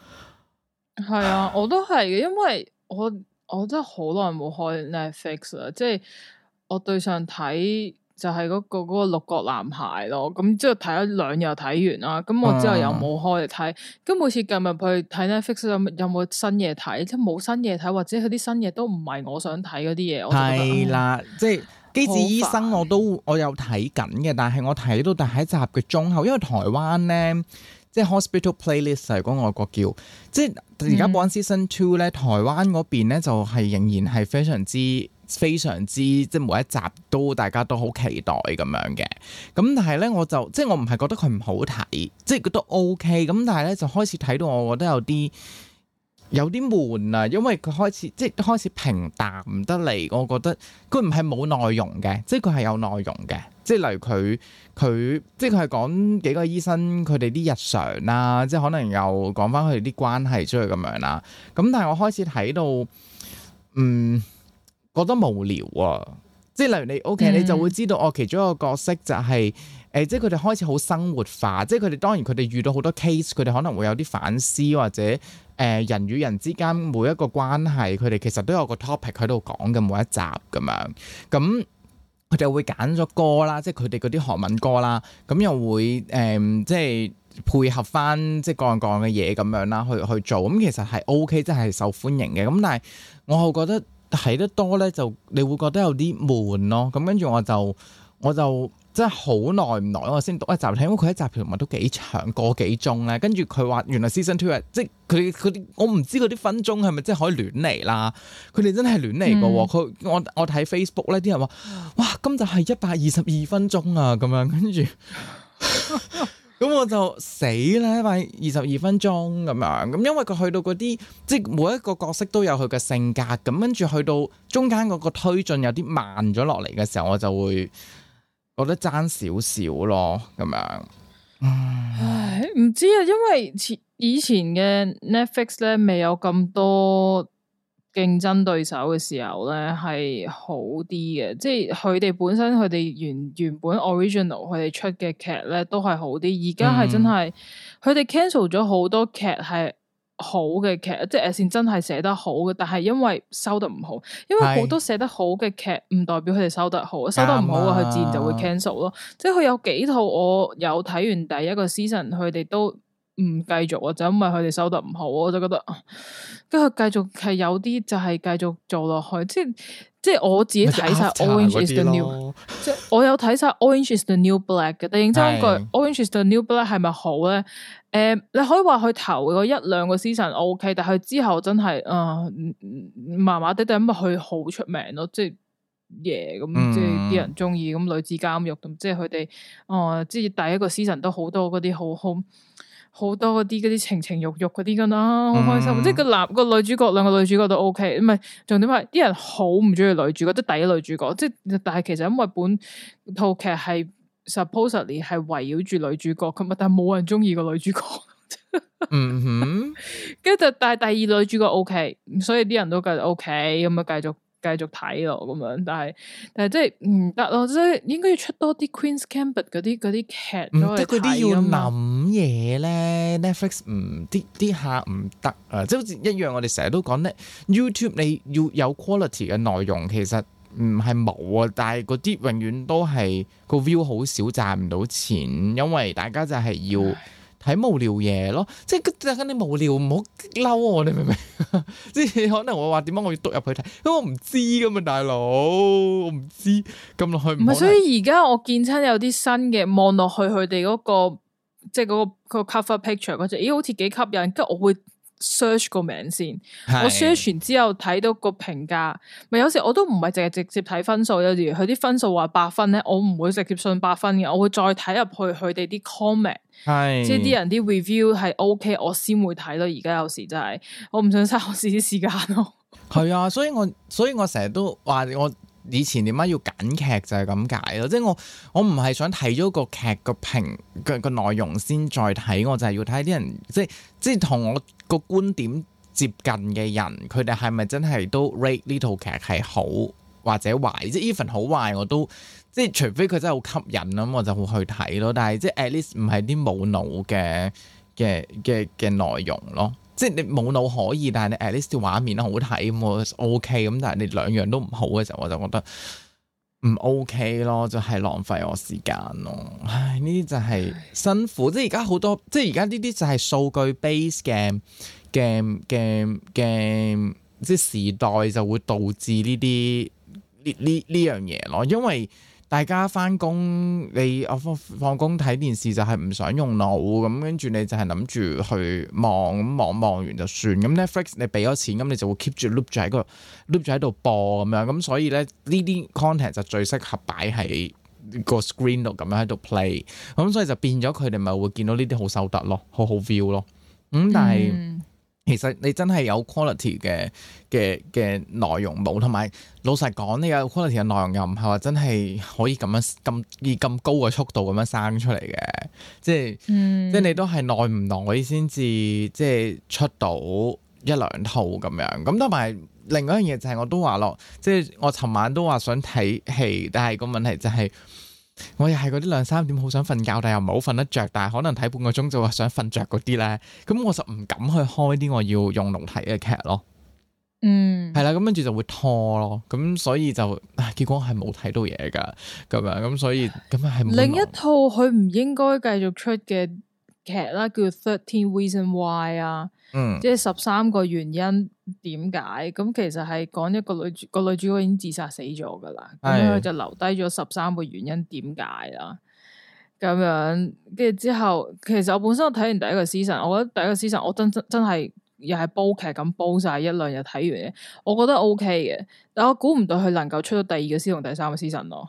係啊，我都係嘅，因為我我真係好耐冇開 Netflix 啦，即係我對上睇。就係嗰、那個、那個六角男孩咯，咁之後睇咗兩日睇完啦，咁我之後又冇開嚟睇，咁、嗯、每次進入去睇 Netflix 有有冇新嘢睇，即係冇新嘢睇，或者佢啲新嘢都唔係我想睇嗰啲嘢，係啦，嗯嗯、即係機智醫生我都煩我有睇緊嘅，但係我睇到但係一集嘅中後，因為台灣咧。即 hospital playlist 就係外國叫，即而家 b o 播 season two 咧，台灣嗰邊咧就係仍然係非常之、非常之，即每一集都大家都好期待咁樣嘅。咁但係咧，我就即我唔係覺得佢唔好睇，即覺得 OK。咁但係咧，就開始睇到我覺得有啲。有啲悶啊，因為佢開始即係開始平淡唔得嚟，我覺得佢唔係冇內容嘅，即係佢係有內容嘅，即係例如佢佢即係佢係講幾個醫生佢哋啲日常啦、啊，即係可能又講返佢哋啲關係出去咁樣啦、啊。咁但係我開始睇到，嗯，覺得無聊啊，即係例如你 OK，你就會知道我其中一個角色就係、是。嗯嗯誒、呃，即係佢哋開始好生活化，即係佢哋當然佢哋遇到好多 case，佢哋可能會有啲反思或者誒、呃、人與人之間每一個關係，佢哋其實都有個 topic 喺度講嘅每一集咁樣，咁佢哋會揀咗歌啦，即係佢哋嗰啲韓文歌啦，咁、嗯、又會誒、嗯、即係配合返即係各樣各樣嘅嘢咁樣啦，去去做咁、嗯、其實係 OK，即係受歡迎嘅，咁、嗯、但係我覺得睇得多咧就你會覺得有啲悶咯，咁跟住我就我就。我就我就真係好耐唔耐，我先讀一集睇，因為佢一集全部都幾長，個幾鐘咧。跟住佢話原來 season two 即係佢佢啲，我唔知嗰啲分鐘係咪即係可以亂嚟啦。佢哋真係亂嚟個喎。佢、嗯、我我睇 Facebook 咧，啲人話哇，今集係一百二十二分鐘啊咁樣。跟住咁我就死啦，一百二十二分鐘咁樣。咁因為佢去到嗰啲即係每一個角色都有佢嘅性格。咁跟住去到中間嗰個推進有啲慢咗落嚟嘅時候，我就會。覺得爭少少咯，咁樣。唉，唔知啊，因為以前嘅 Netflix 咧，未有咁多競爭對手嘅時候咧，係好啲嘅。即係佢哋本身佢哋原原本 original 佢哋出嘅劇咧，都係好啲。而家係真係佢哋 cancel 咗好多劇係。好嘅劇，即係線真係寫得好嘅，但係因為收得唔好，因為好多寫得好嘅劇，唔代表佢哋收得好，收得唔好嘅佢自然就會 cancel 咯。即係佢有幾套我有睇完第一個 season，佢哋都。唔繼續啊，就因為佢哋收得唔好，我就覺得，跟佢繼續係有啲就係繼續做落去，即係即係我自己睇晒。Orange is the new，即係我有睇晒。Orange is the new black 嘅是，突然之間句，《Orange is the new black 係咪好咧？誒，你可以話佢頭嗰一兩個 season OK，但係佢之後真係啊，麻麻地地，因為佢好出名咯，即係嘢咁，即係啲人中意，咁女子監獄咁，即係佢哋哦，即係第一個 season 都好多嗰啲好好。好多嗰啲嗰啲情情欲欲嗰啲咁啦，好開心！嗯、即係個男個女主角，兩個女主角都 O K，唔係重點係啲人好唔中意女主角，即、就、係、是、第一女主角。即係但係其實因為本套劇係 supposedly 係圍繞住女主角咁，但係冇人中意個女主角。跟住就係第二女主角 O、OK, K，所以啲人都繼、OK, 續 O K，咁咪繼續？繼續睇咯，咁樣，但係但係即係，唔得咯，即係應該要出多啲 Queen's Gambit 嗰啲嗰啲劇，唔得啲要諗嘢咧。Netflix 唔啲啲客唔得啊，即係好似一樣我，我哋成日都講咧，YouTube 你要有 quality 嘅內容，其實唔係冇啊，但係嗰啲永遠都係個 view 好少，賺唔到錢，因為大家就係要。睇無聊嘢咯，即係嗰陣間你無聊唔好嬲我，你明唔明？ [LAUGHS] 即係可能我話點解我要讀入去睇，因為我唔知㗎嘛，大佬，我唔知撳落去。唔係，所以而家我見親有啲新嘅，望落去佢哋嗰個，即係嗰、嗰個嗰個 cover picture 嗰隻，咦好似幾吸引，跟住我會。search 個名先，是我 search 完之後睇到個評價，咪有時我都唔係淨係直接睇分數，有時佢啲分數話八分咧，我唔會直接信八分嘅，我會再睇入去佢哋啲 comment，即係啲人啲 review 係 OK，我先會睇到。而家有時真係，我唔想嘥我少少時間咯。係啊，所以我所以我成日都話我。以前點解要揀劇就係咁解咯，即係我我唔係想睇咗個劇評個評個個內容先再睇，我就係要睇啲人即係即係同我個觀點接近嘅人，佢哋係咪真係都 rate 呢套劇係好或者壞？即係 even 好壞我都即係除非佢真係好吸引咁，我就會去睇咯。但係即係 at least 唔係啲冇腦嘅嘅嘅嘅內容咯。即係你冇腦可以，但係你 at least 畫面好睇咁我 OK 咁，但係你兩樣都唔好嘅時候，我就覺得唔 OK 咯，就係浪費我時間咯。唉，呢啲就係辛苦。即係而家好多，即係而家呢啲就係數據 base 嘅嘅嘅嘅，即係時代就會導致呢啲呢呢呢樣嘢咯，因為。大家翻工，你我放放工睇電視就係唔想用腦咁，跟住你就係諗住去望咁望望完就算咁咧。Netflix 你俾咗錢咁，你就會 keep 住 loop 住喺個 loop 住喺度播咁樣，咁所以咧呢啲 content 就最適合擺喺個 screen 度咁樣喺度 play，咁所以就變咗佢哋咪會見到呢啲好受得咯，好好 view 咯，咁但係。嗯其實你真係有 quality 嘅嘅嘅內容冇，同埋老實講，呢個 quality 嘅內容又唔係話真係可以咁樣咁以咁高嘅速度咁樣生出嚟嘅，即係、嗯，即係你都係耐唔耐先至即係出到一兩套咁樣，咁同埋另外一樣嘢就係我都話咯，即係我尋晚都話想睇戲，但係個問題就係、是。我又係嗰啲兩三點好想瞓覺，但又唔好瞓得着，但係可能睇半個鐘就話想瞓着嗰啲咧，咁我就唔敢去開啲我要用龍睇嘅劇咯。嗯，係啦，咁跟住就會拖咯，咁所以就，結果我係冇睇到嘢噶，咁樣，咁所以咁係另一套佢唔應該繼續出嘅劇啦，叫 Thirteen Reasons Why 啊。嗯、即係十三個原因點解？咁其實係講一個女主個女主角已經自殺死咗噶啦，咁佢是的 就留低咗十三個原因點解啦。咁樣跟住之後，其實我本身我睇完第一個 season，我覺得第一個 season 我真真真係又係煲劇咁煲晒一兩日睇完嘅，我覺得 OK 嘅。但我估唔到佢能夠出到第二個 season 同第三個 season 咯。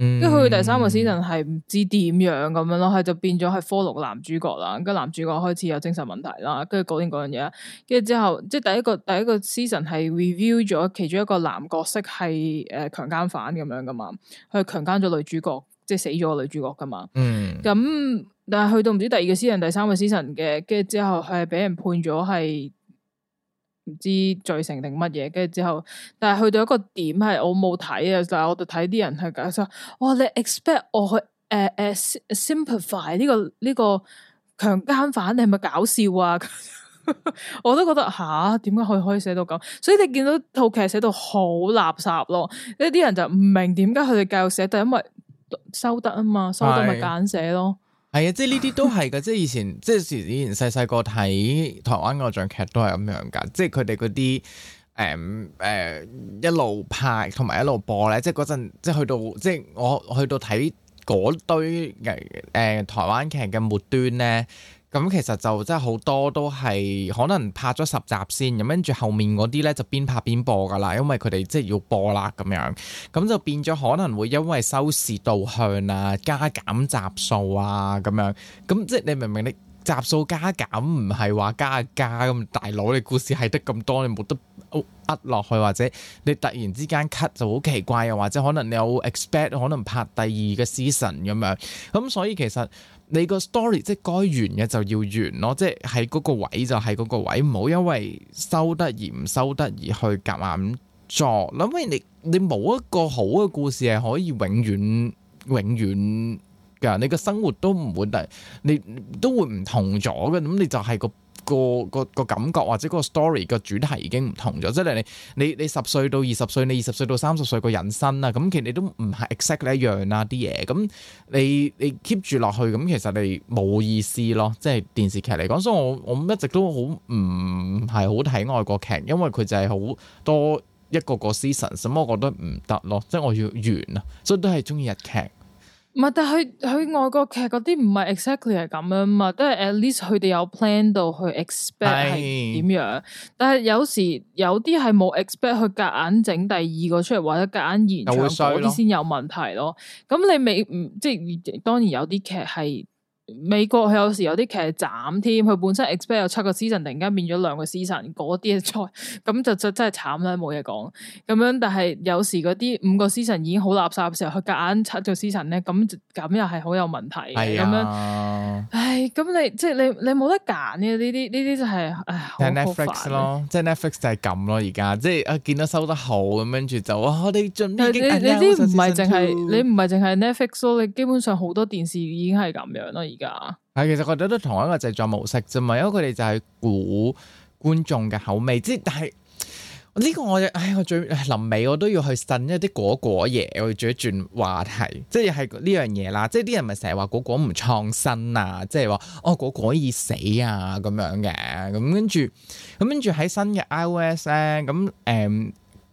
跟住佢第三個 season 係唔知點樣咁樣咯，係就變咗係 follow 男主角啦，跟男主角開始有精神問題啦，跟住搞掂嗰樣嘢，跟住之後即係第一個第一個 season 係 review 咗其中一個男角色係誒、呃、強奸犯咁樣噶嘛，佢強奸咗女主角，即係死咗個女主角噶嘛，咁、嗯、但係去到唔知第二個 season 第三個 season 嘅，跟住之後係俾人判咗係。唔知罪成定乜嘢，跟住之後，但係去到一個點係我冇睇啊，就係我哋睇啲人去解釋。哇，你、oh, expect 我去誒誒、uh, uh, uh, simplify 呢、這個呢、這個強奸犯，你係咪搞笑啊？ [LAUGHS] 我都覺得吓，點解佢可以寫到咁？所以你見到套劇寫到好垃圾咯，呢啲人就唔明點解佢哋繼續寫，就因為收得啊嘛，收得咪簡寫咯。Yes. 係啊，即係呢啲都係噶，即係以前，即係以前細細個睇台灣偶像劇都係咁樣噶，即係佢哋嗰啲誒誒一路拍同埋一路播咧，即係嗰陣，即係去到，即係我去到睇嗰堆誒誒台灣劇嘅末端咧。咁其實就真係好多都係可能拍咗十集先，咁跟住後面嗰啲咧就邊拍邊播噶啦，因為佢哋即係要播啦咁樣，咁就變咗可能會因為收視導向啊、加減集數啊咁樣，咁即係你明唔明？你集數加減唔係話加加，咁大佬，你故事係得咁多，你冇得呃落去，或者你突然之間 cut 就好奇怪，又或者可能你有 expect 可能拍第二個 season 咁樣，咁所以其實。你個 story 即係該完嘅就要完咯，即係喺嗰個位就係嗰個位，唔好因為收得而唔收得而去夾硬作。諗起你你，冇一個好嘅故事係可以永遠永遠㗎，你個生活都唔會，你都會唔同咗嘅，咁你就係個。個個個感覺或者嗰個 story 個主題已經唔同咗，即係你你你十歲到二十歲，你二十歲到三十歲個人生啊。咁其實你都唔係 exactly 一樣啦，啲嘢，咁你你 keep 住落去，咁其實你冇意思咯，即係電視劇嚟講，所以我我一直都好唔係好睇外國劇，因為佢就係好多一個個 season，咁、嗯、我覺得唔得咯，即係我要完啊，所以都係中意日劇。唔係，但係佢佢外國劇嗰啲唔係 exactly 係咁樣嘛，都係 at least 佢哋有 plan 到去 expect 係點樣，但係有，唉 有時有啲係冇 expect 去夾硬整第二個出嚟或者夾硬延長嗰啲先有問題咯。咁你未唔、嗯、即係當然有啲劇係。美國佢有時有啲劇斬添，佢本身 expect 有七個 season，突然間變咗兩個 season，嗰啲嘢菜，咁就就真係慘啦，冇嘢講。咁樣，但係有時嗰啲五個 season 已經好垃圾嘅時候，佢夾硬出七個 season 咧，咁咁又係好有問題嘅。咁、哎、呀樣。咁你即係你你冇得揀嘅呢啲呢啲就係 Netflix 咯，即係 Netflix 就係咁咯而家，即係啊見到收得好咁跟住就哇你準、啊、你知已經唔係淨係你唔係淨係 Netflix 咯，你基本上好多電視已經係咁樣咯而家，係其實我覺得都同一個製作模式啫嘛，因為佢哋就係估觀眾嘅口味，即係但係。呢個我誒，我最臨尾我都要去呻一啲果果嘢，我要轉一轉話題，即係係呢樣嘢啦。即係啲人咪成日話果果唔創新啊，即係話哦果果易死啊咁樣嘅，咁跟住，咁跟住喺新嘅 iOS 咧，咁、嗯、誒。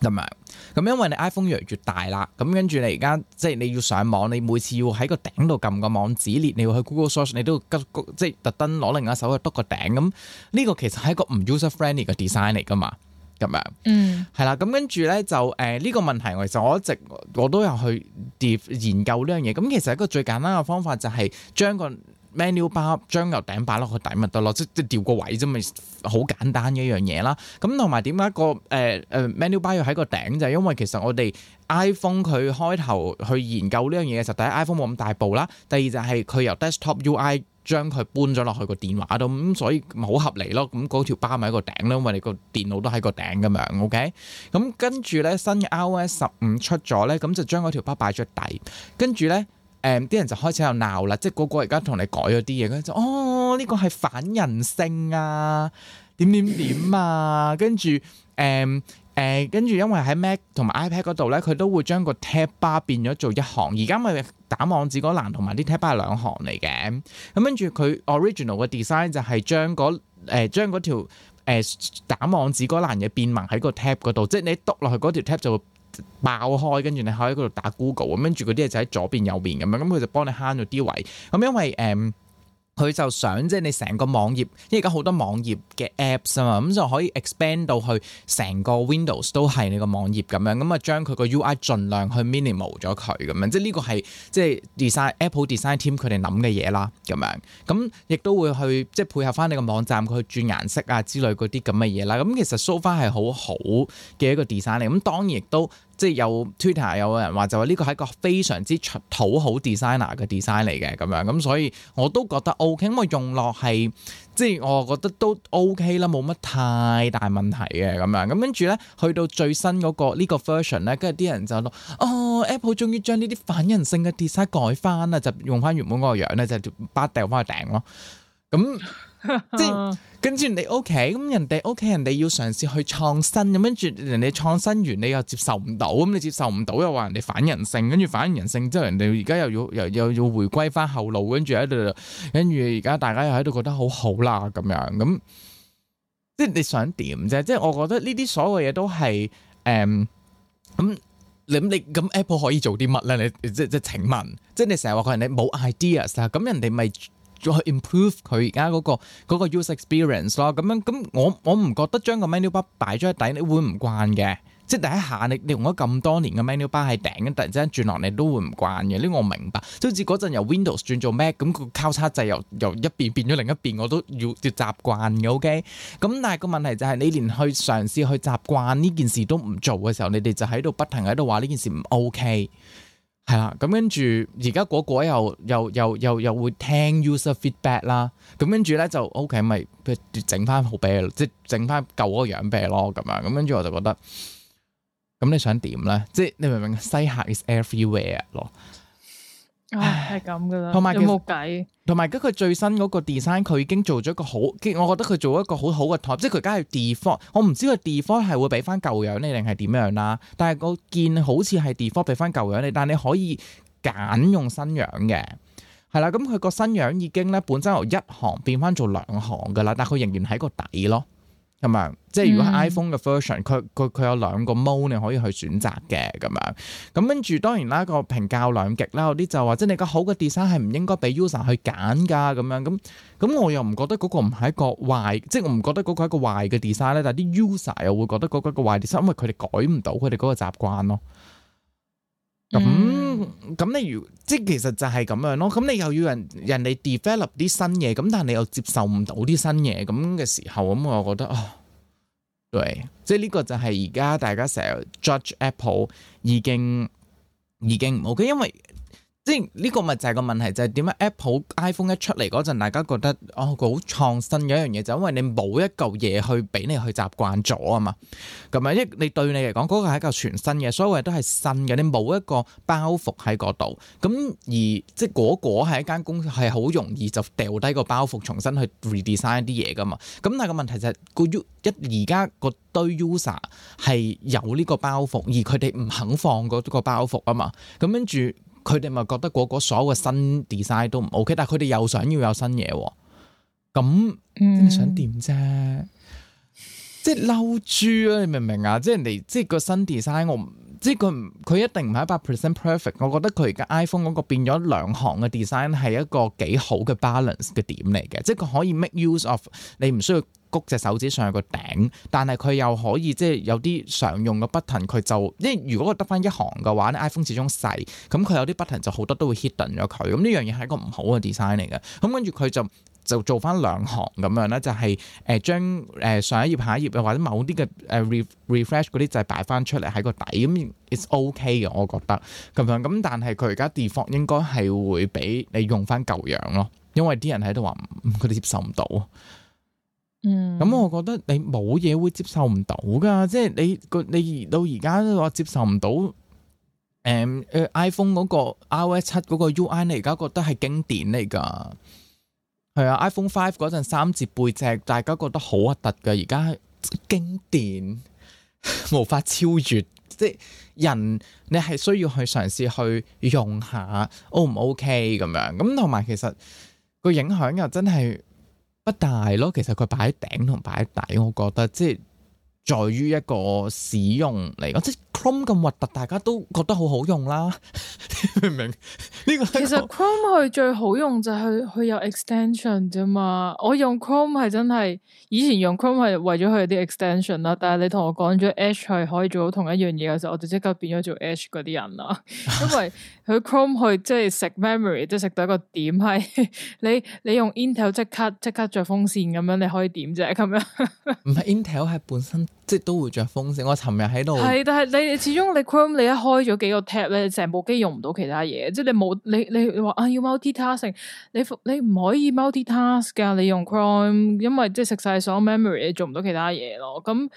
咁樣，咁、嗯、因為你 iPhone 越嚟越大啦，咁跟住你而家即係你要上網，你每次要喺個頂度撳個網址列，你要去 Google Search，你都要急即係特登攞另一手去篤個頂，咁呢個其實係一個唔 user friendly 嘅 design 嚟噶嘛，咁樣，嗯，係啦，咁跟住咧就誒呢、呃呢個問題，我其實我一直我都有去研究呢樣嘢，咁其實一個最簡單嘅方法就係將個 menu bar 將由頂擺落個底咪得咯，即即調個位啫咪好簡單一樣嘢啦。咁同埋點解個誒、呃、誒 menu bar 要喺個頂就係因為其實我哋 iPhone 佢開頭去研究呢樣嘢嘅時候，第一 iPhone 冇咁大部啦，第二就係佢由 desktop UI 將佢搬咗落去個電話度，咁、嗯、所以好合理咯。咁嗰條 bar 咪喺個頂咯，因為你個電腦都喺個頂咁樣，OK、嗯。咁跟住咧新嘅 iOS 十五出咗咧，咁、嗯、就將嗰條 bar 擺咗底，跟住咧。誒啲、呃、人就開始又鬧啦，即係個個而家同你改咗啲嘢，跟住就哦呢個係反人性啊，點點點啊，跟住誒誒，跟住因為喺 Mac 同埋 iPad 嗰度咧，佢都會將個 tab bar 變咗做一行，而家咪打網址嗰欄同埋啲 tab bar 係兩行嚟嘅，咁跟住佢 original 嘅 design 就係將嗰誒、呃、將嗰條、呃、打網址嗰欄嘢變埋喺個 tab 嗰度，即係你篤落去嗰條 tab 就會。爆開，跟住你可喺嗰度打 Google 啊，跟住嗰啲嘢就喺左邊邊、右邊咁樣，咁佢就幫你慳咗啲位。咁因為誒，佢、嗯、就想即係你成個網頁，而家好多網頁嘅 Apps 啊，咁就可以 expand 到去成個 Windows 都係你個網頁咁樣，咁啊將佢個 UI 盡量去 minimal 咗佢咁樣，即係呢個係即係 design Apple design team 佢哋諗嘅嘢啦，咁樣，咁亦都會去即係配合翻你個網站，佢去轉顏色啊之類嗰啲咁嘅嘢啦。咁其實 show 翻係好好嘅一個 design 嚟，咁當然亦都。即係有 Twitter 有人話就話呢個係一個非常之討好 designer 嘅 design 嚟嘅咁樣，咁所以我都覺得 OK，咁我用落係即係我覺得都 OK 啦，冇乜太大問題嘅咁樣。咁跟住咧，去到最新嗰個呢個 version 咧，跟住啲人就哦 Apple 終於將呢啲反人性嘅 design 改翻啦，就用翻原本嗰個樣咧，就把掉翻去頂咯。咁 [LAUGHS] 即係跟住你 OK，咁人哋 OK，人哋要嘗試去創新，咁跟住人哋創新完，你又接受唔到，咁你接受唔到又話人哋反人性，跟住反人性之後，即人哋而家又要又又要回歸翻後路，跟住喺度，跟住而家大家又喺度覺得好好啦，咁樣咁，即係你想點啫？即係我覺得呢啲所有嘢都係誒，咁、嗯、你咁你咁 Apple 可以做啲乜咧？你即即係請問，即係你成日話佢人哋冇 ideas 啊？咁人哋咪？去 improve 佢而家嗰個、嗰個、user experience 咯，咁樣咁我我唔覺得將個 menu bar 擺咗喺底你會唔慣嘅，即係第一下你你用咗咁多年嘅 menu bar 喺頂，突然之間轉落嚟都會唔慣嘅，呢個我明白，即好似嗰陣由 Windows 轉做 Mac，咁個交叉掣由由一邊變咗另一邊，我都要要習慣嘅，OK，咁但係個問題就係你連去嘗試去習慣呢件事都唔做嘅時候，你哋就喺度不停喺度話呢件事唔 OK。係啦，咁跟住而家果果又又又又又會聽 user feedback 啦，咁跟住咧就 OK 咪，整翻好啤，即係整翻舊嗰個樣啤咯。咁樣咁跟住我就覺得，咁、嗯、你想點咧？即係你明唔明？西客 is everywhere 咯。唉，係咁噶啦，有冇計？同埋咁佢最新嗰個 design，佢已經做咗一個好，我覺得佢做一個好好嘅台，即係佢而家係 default。我唔知佢 default 係會俾翻舊樣你，定係點樣啦？但係個件好似係 default 俾翻舊樣你，但係你可以揀用新樣嘅，係啦。咁佢個新樣已經咧本身由一行變翻做兩行噶啦，但係佢仍然喺個底咯。咁樣，即係如果係 iPhone 嘅 version，佢佢佢有兩個 mode 你可以去選擇嘅咁樣。咁跟住當然啦，個評價兩極啦，有啲就話即係你個好嘅 design 係唔應該俾 user 去揀㗎咁樣。咁咁我又唔覺得嗰個唔係一個壞，即係我唔覺得嗰個係一個壞嘅 design 咧。但係啲 user 又會覺得嗰個個壞 design，因為佢哋改唔到佢哋嗰個習慣咯。咁咁，你如即係其實就係咁樣咯。咁你又要人人哋 develop 啲新嘢，咁但係你又接受唔到啲新嘢咁嘅時候，咁我覺得哦，對，即係呢個就係而家大家成日 judge Apple 已經已經唔好嘅，因為。即係呢個咪就係個問題，就係、是、點解 Apple iPhone 一出嚟嗰陣，大家覺得哦佢好創新嘅一樣嘢就因為你冇一嚿嘢去俾你去習慣咗啊嘛。咁啊，因為你對你嚟講嗰個係一個全新嘅，所有嘢都係新嘅。你冇一個包袱喺嗰度，咁而即係嗰個係一間公司係好容易就掉低個包袱，重新去 redesign 啲嘢噶嘛。咁但係個問題就係個 U 一而家個堆 user 係有呢個包袱，而佢哋唔肯放嗰個包袱啊嘛。咁跟住。佢哋咪覺得嗰嗰所有嘅新 design 都唔 OK，但係佢哋又想要有新嘢。哦，咁真係想點啫？嗯、即係嬲豬啊！你明唔明啊？即係哋，即係個新 design，我唔，即係佢佢一定唔係百 percent perfect。我覺得佢而家 iPhone 嗰個變咗兩行嘅 design 係一個幾好嘅 balance 嘅點嚟嘅，即係佢可以 make use of 你唔需要。谷隻手指上有個頂，但係佢又可以即係有啲常用嘅 button。佢就因為如果我得翻一行嘅話，iPhone 始終細，咁佢有啲 button 就好多都會 hidden 咗佢。咁、嗯、呢樣嘢係一個唔好嘅 design 嚟嘅。咁、嗯、跟住佢就就做翻兩行咁樣咧，就係、是、誒、呃、將誒、呃、上一頁下一頁，或者某啲嘅誒、呃、refresh 嗰啲就係擺翻出嚟喺個底。咁、嗯、it's OK 嘅，我覺得咁樣。咁但係佢而家 default 應該係會俾你用翻舊樣咯，因為啲人喺度話佢哋接受唔到。咁、嗯、我覺得你冇嘢會接受唔到噶。即係你個你到而家都話接受唔到，誒、嗯、誒、呃、iPhone 嗰、那個 iOS 七嗰個 UI 你而家覺得係經典嚟噶。係啊 iPhone Five 嗰陣三折背脊，大家覺得好核突嘅，而家經典 [LAUGHS] 無法超越，即係人你係需要去嘗試去用下 O 唔 OK 咁樣。咁同埋其實個影響又真係。不大咯，其實佢擺喺頂同擺喺底，我覺得即係在於一個使用嚟講，即係。Chrome 咁核突，大家都覺得好好用啦， [LAUGHS] 明唔明？呢 [LAUGHS] 個其實 Chrome 佢最好用就係佢有 extension 啫嘛。我用 Chrome 係真係以前用 Chrome 係為咗佢啲 extension 啦。但係你同我講咗 Edge 係可以做到同一樣嘢嘅時候，我就即刻變咗做 Edge 嗰啲人啦。 [LAUGHS] 因為佢 Chrome 去即係食 memory，即係食到一個點係你你用 Intel 即刻即刻著風扇咁樣，你可以點啫？咁樣唔係 Intel 係本身。即都會着風先，我尋日喺度。係，但係你始終你 Chrome 你一開咗幾個 tab 咧，成部機用唔到其他嘢，即係你冇你你你你話啊要 multitasking 你你唔可以 multi task 嘅，你用 Chrome 因為即係食晒所有 memory，你做唔到其他嘢咯，咁。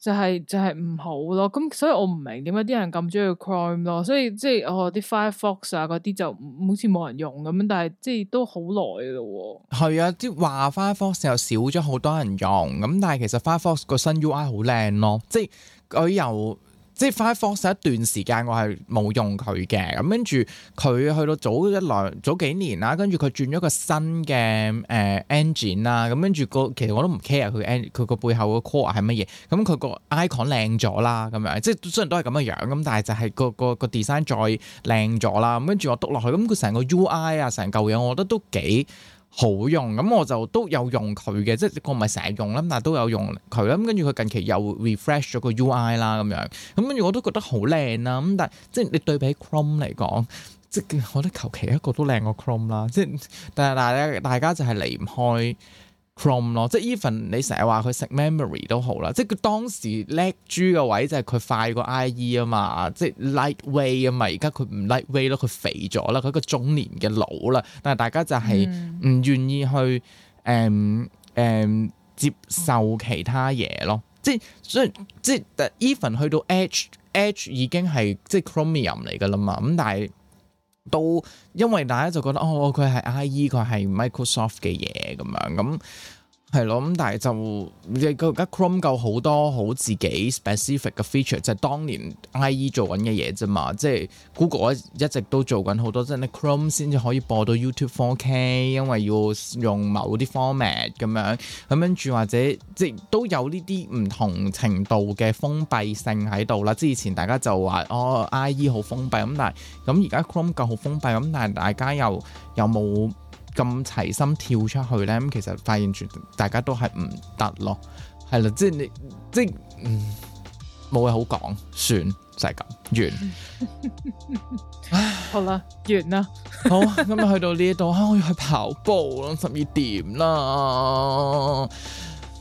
就係就係唔好咯，咁所以我唔明點解啲人咁鍾意 Chrome 咯，所以即係我、哦、啲 Firefox 啊嗰啲就好似冇人用咁，但係即係都好耐咯。係啊，即話 Firefox 又少咗好多人用，咁但係其實 Firefox 個新 UI 好靚咯，即係佢由。即係 Firefox 一段時間我，我係冇用佢嘅。咁跟住佢去到早一兩早幾年啦，跟住佢轉咗個新嘅誒 engine 啦。咁跟住個其實我都唔 care 佢，佢個背後個 core 係乜嘢。咁佢個 icon 靚咗啦，咁樣即係雖然都係咁嘅樣，咁但係就係個個個 design 再靚咗啦。咁跟住我篤落去，咁佢成個 UI 啊，成嚿嘢我覺得都幾。好用，咁我就都有用佢嘅，即係我唔係成日用啦，但係都有用佢啦。咁跟住佢近期又 refresh 咗個 UI 啦，咁樣咁跟住我都覺得好靚啦。咁但係即係你對比 Chrome 嚟講，即係我覺得求其一個都靚過 Chrome 啦。即係但係大大家就係離唔開。Chrome 咯，即係 even 你成日話佢食 memory 都好啦，即係佢當時叻豬嘅位就係佢快過 IE 啊嘛，即係 lightweight 啊嘛，而家佢唔 lightweight 咯，佢肥咗啦，佢一個中年嘅佬啦，但係大家就係唔願意去誒誒、嗯嗯嗯、接受其他嘢咯，即係所以即係 even 去到 Edge Edge 已經係即係 Chromium 嚟噶啦嘛，咁但係。都因為大家就覺得哦，佢係 IE，佢係 Microsoft 嘅嘢咁樣。咁。係咯，咁但係就即係佢而家 Chrome 夠好多好自己 specific 嘅 feature，就係當年 IE 做緊嘅嘢啫嘛。即係 Google 一直都做緊好多，即係 Chrome 先至可以播到 YouTube 4K，因為要用某啲 format 咁樣。咁跟住或者即係都有呢啲唔同程度嘅封閉性喺度啦。即係以前大家就話哦 IE 好封閉，咁但係咁而家 Chrome 夠好封閉，咁但係大家又，又有冇？咁齊心跳出去咧，咁其實發現全大家都係唔得咯，係啦，即係你，即係，嗯，冇嘢好講，算，就係咁，完， [LAUGHS] [LAUGHS] 好啦，完啦， [LAUGHS] 好，咁就去到呢度啊，我要去跑步啦，十二點啦。